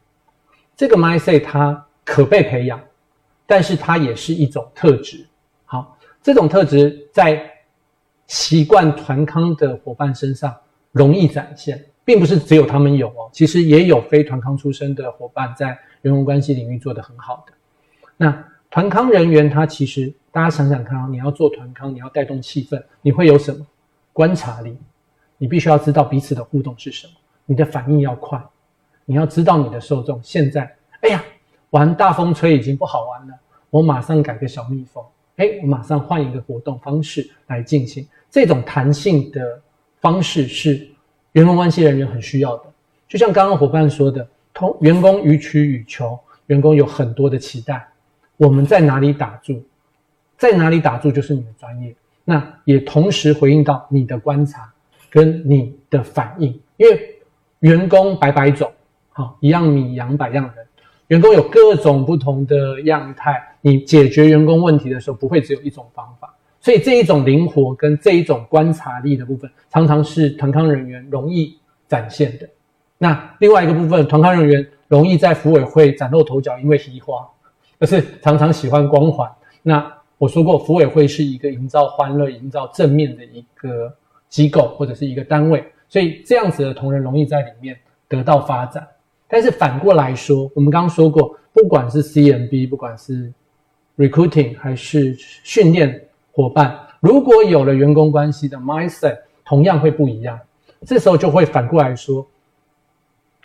這個 mindset 它可被培養，但是它也是一種特質。好，這種特質在習慣團康的夥伴身上容易展現，並不是只有他們有哦。其實也有非團康出身的夥伴在員工關係領域做得很好的。那團康人員，他其實大家想想看哦，你要做團康，你要帶動氣氛，你會有什麼觀察力？你必須要知道彼此的互動是什麼，你的反應要快，你要知道你的受眾現在，哎呀，玩大風吹已經不好玩了，我馬上改個小蜜蜂，哎、欸，我馬上換一個活動方式來進行。這種彈性的方式是員工關係人員很需要的。就像剛剛夥伴說的，同，員工予取予求，員工有很多的期待，我們在哪裡打住，在哪裡打住就是你的專業，那也同時回應到你的觀察。跟你的反應，因為員工百百種，一樣米養百樣人，員工有各種不同的樣態。你解決員工問題的時候，不會只有一種方法。所以這一種靈活跟這一種觀察力的部分，常常是團康人員容易展現的。那另外一個部分，團康人員容易在福委會嶄露頭角，因為嘻花。可是常常喜歡光環。那我說過，福委會是一個營造歡樂、營造正面的一個。機構或者是一個單位，所以這樣子的同仁容易在裡面得到發展。但是反過來說，我們剛剛說過，不管是 C&B，不管是 recruiting 還是訓練夥伴，如果有了員工關係的 mindset，同樣會不一樣。這時候就會反過來說，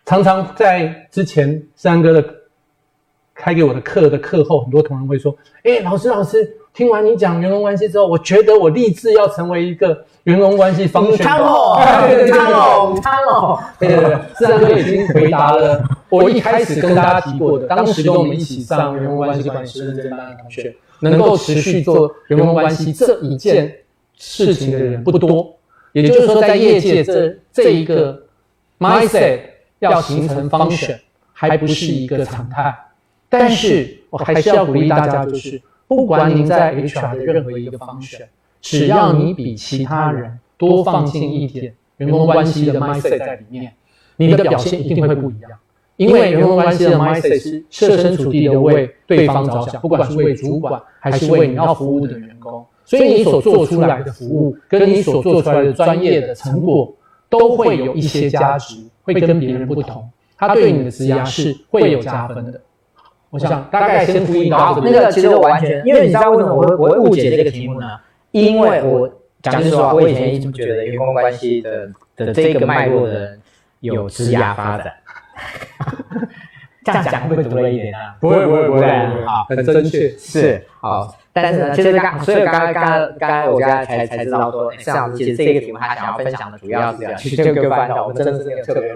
常常在之前三哥的。開給我的課的課後，很多同仁會說：“誒、欸，老師，老師，聽完你講員工關係之後，我覺得我立志要成為一個員工關係 function。”你太好，太好，太好！對對對，自然哥已經回答了 我一開始跟大家提過的，當時跟我們一起上員工關係管理實戰班的同學，能夠持續做員工關係這一件事情的人不多。也就是說，在業界這 這一個 mindset 要形成 function 還不是一個常態。但是我還是要鼓勵大家，就是不管您在 HR 的任何一個方向，只要你比其他人多放進一點員工關係的 mindset 在裡面，你的表現一定會不一樣。因為員工關係的 mindset 是設身處地的為對方着想，不管是為主管還是為你要服務的員工，所以你所做出來的服務，跟你所做出來的專業的成果，都會有一些價值，會跟別人不同。他對你的職涯是會有加分的。我想大概先注意到，那個，其實完全，因為你知道為什麼我會我會誤解這個題目呢？因為我講句實話，話我以前一直覺得員工關係的的這個脈絡的有枝椏發展， 這樣講會不會讀了一點啊？ 不會不會不會啊，好很正確，是好。但是呢，其實剛所以剛剛剛剛我剛才才才知道說，像、欸、其實這個題目，他想要分享的主要是這個這個觀眾，我們真是沒有有的是特別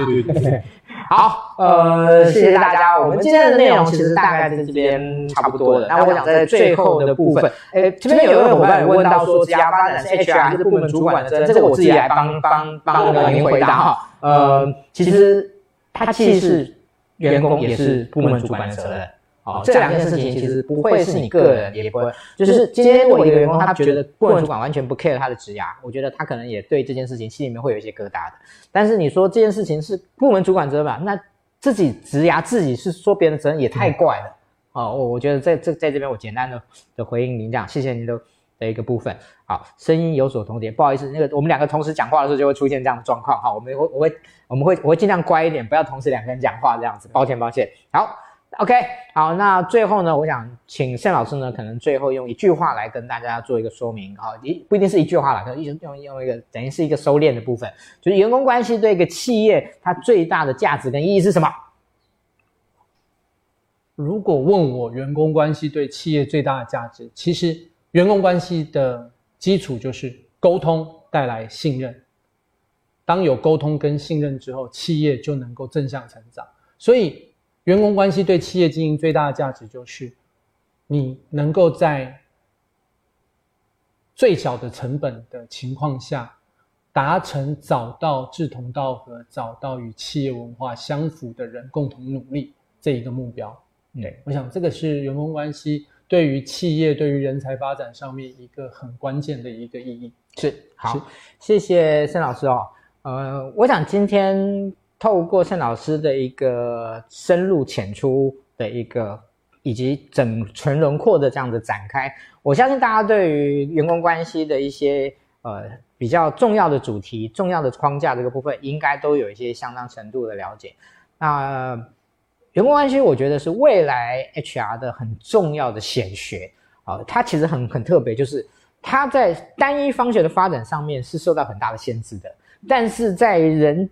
努力。 對，對對對，好，呃，謝謝大家。我們今天的內容其實大概是這邊差不多的。然後我想在最後的部分，誒、欸，這邊有一位夥伴問到說，業 R, 職業發展是 HR 部門主管的責任，這個我自己來幫幫幫您回答哈。呃，其實他既是員工，也是部門主管的責任。嗯呃哦，這兩件事情其實不會是你個人，也不會，就是今天我一個員工，他覺得部門主管完全不 care 他的職涯，我覺得他可能也對這件事情心裡面會有一些疙瘩的。但是你說這件事情是部門主管責任吧，那自己職涯自己是說別人的責任也太怪了。哦，我我覺得在這在這邊我簡單的的回應您這樣，謝謝您的的一個部分。好，聲音有所重疊，不好意思，那個我們兩個同時講話的時候就會出現這樣的狀況。好，我們我我會我們會我會盡量乖一點，不要同時兩個人講話這樣子，抱歉抱歉。好。OK，好，那最後呢，我想請 Sam 老師呢，可能最後用一句話來跟大家做一個說明啊，一不一定是一句話啦，可能一直用用一個等於是一個收斂的部分，就是員工關係對一個企業它最大的價值跟意義是什麼？如果問我員工關係對企業最大的價值，其實員工關係的基礎就是溝通帶來信任，當有溝通跟信任之後，企業就能夠正向成長，所以。員工關係對企業經營最大的價值就是，你能夠在最小的成本的情況下，達成找到志同道合、找到與企業文化相符的人，共同努力這一個目標。嗯、我想這個是員工關係對於企業、對於人才發展上面一個很關鍵的一個意義。是，好，是謝謝 Sam 老師哦。呃，我想今天。透過 Sam 老師的一個深入淺出的一個以及整全輪廓的這樣的展開，我相信大家對於員工關係的一些呃比較重要的主題、重要的框架這個部分，應該都有一些相當程度的了解、呃。那員工關係，我覺得是未來 HR 的很重要的顯學啊、呃，它其實很很特別，就是它在單一方學的發展上面是受到很大的限制的，但是在人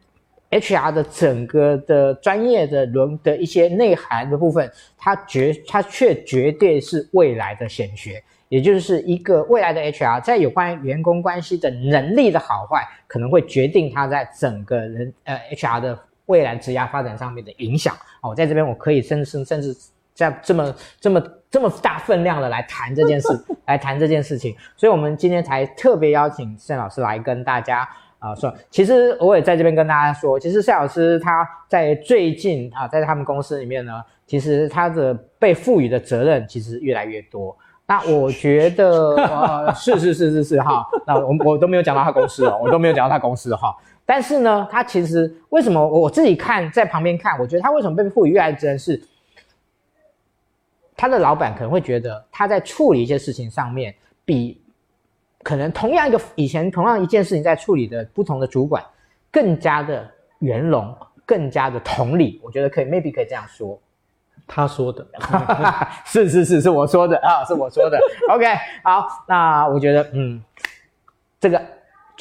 H R 的整個的專業的人的一些內涵的部分，它絕它卻絕對是未來的顯學，也就是一個未來的 H R 在有關員工關係的能力的好壞，可能會決定他在整個人呃 H R 的未來職涯發展上面的影響。哦，在這邊我可以甚至甚，甚至在這麼這麼這麼大分量的來談這件事， 來談這件事情，所以我們今天才特別邀請杉老師來跟大家。啊，算，其實我也在這邊跟大家說，其實 Sam 老師，他在最近啊，在他們公司裡面呢，其實他的被賦予的責任其實越來越多。那我覺得，是是是是是哈，那我我都沒有講到他公司哦，我都沒有講到他公司哈。 但是呢，他其實為什麼我自己看在旁邊看，我覺得他為什麼被賦予越來越多責任，是他的老闆可能會覺得他在處理一些事情上面比。可能同樣一個以前同樣一件事情在處理的不同的主管，更加的圓融，更加的同理，我覺得可以，maybe 可以這樣說。他說的， 是是是是我說的啊，是我說的。 OK，好，那我覺得嗯，這個。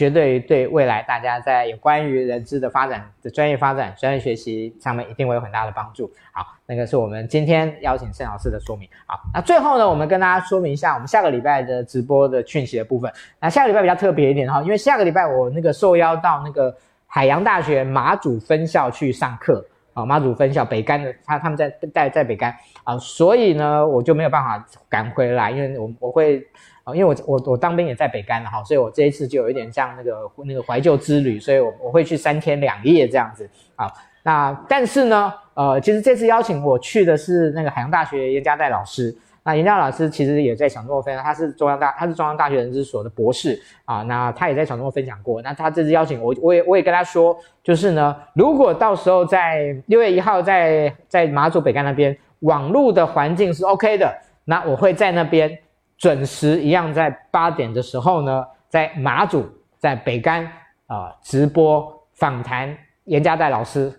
絕對對未來大家在有關於人資的發展的專業發展、專業學習上面一定會有很大的幫助。好，那個是我們今天邀請 Sam 老師的說明。好，那最後呢，我們跟大家說明一下我們下個禮拜的直播的訊息的部分。那下個禮拜比較特別一點，因為下個禮拜我那個受邀到那個海洋大學馬祖分校去上課啊，馬祖分校北竿的，他他們在在在北竿啊、呃，所以呢，我就沒有辦法趕回來，因為我我會。因為我我我當兵也在北竿了哈，所以我這一次就有一點像，那個那個懷舊之旅，所以我我會去三天兩夜這樣子啊。那但是呢，呃，其實這次邀請我去的是那個海洋大學嚴家代老師。那嚴家老師其實也在想諾飛，他是中央大，他是中央大，他是中央大學人資所的博士啊。那他也在想諾飛分享過。那他這次邀請我，我也我也跟他說，就是呢，如果到時候在六月一號，在在馬祖北竿那邊網絡的環境是 OK 的，那我會在那邊，準時一樣，在八點的時候呢，在馬祖，在北竿啊、呃、直播訪談嚴家戴老師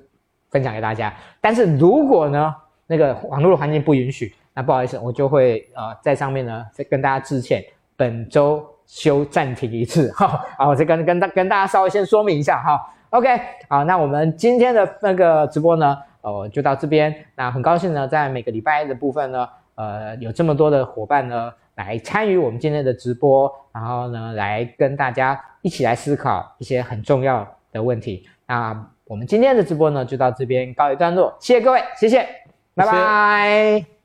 分享給大家。但是如果呢，那個網絡的環境不允許，那不好意思，我就會啊、呃、在上面呢跟大家致歉。本周休暫停一次哈，啊，我再跟跟大跟大家稍微先說明一下哈。OK，好，那我們今天的那個直播呢、呃，哦就到這邊。那很高興呢，在每個禮拜的部分呢，呃，有這麼多的夥伴呢。來參與我們今天的直播，然後呢，來跟大家一起來思考一些很重要的問題。那我們今天的直播呢，就到這邊告一段落。謝謝各位，謝謝，拜拜。Bye bye 謝謝。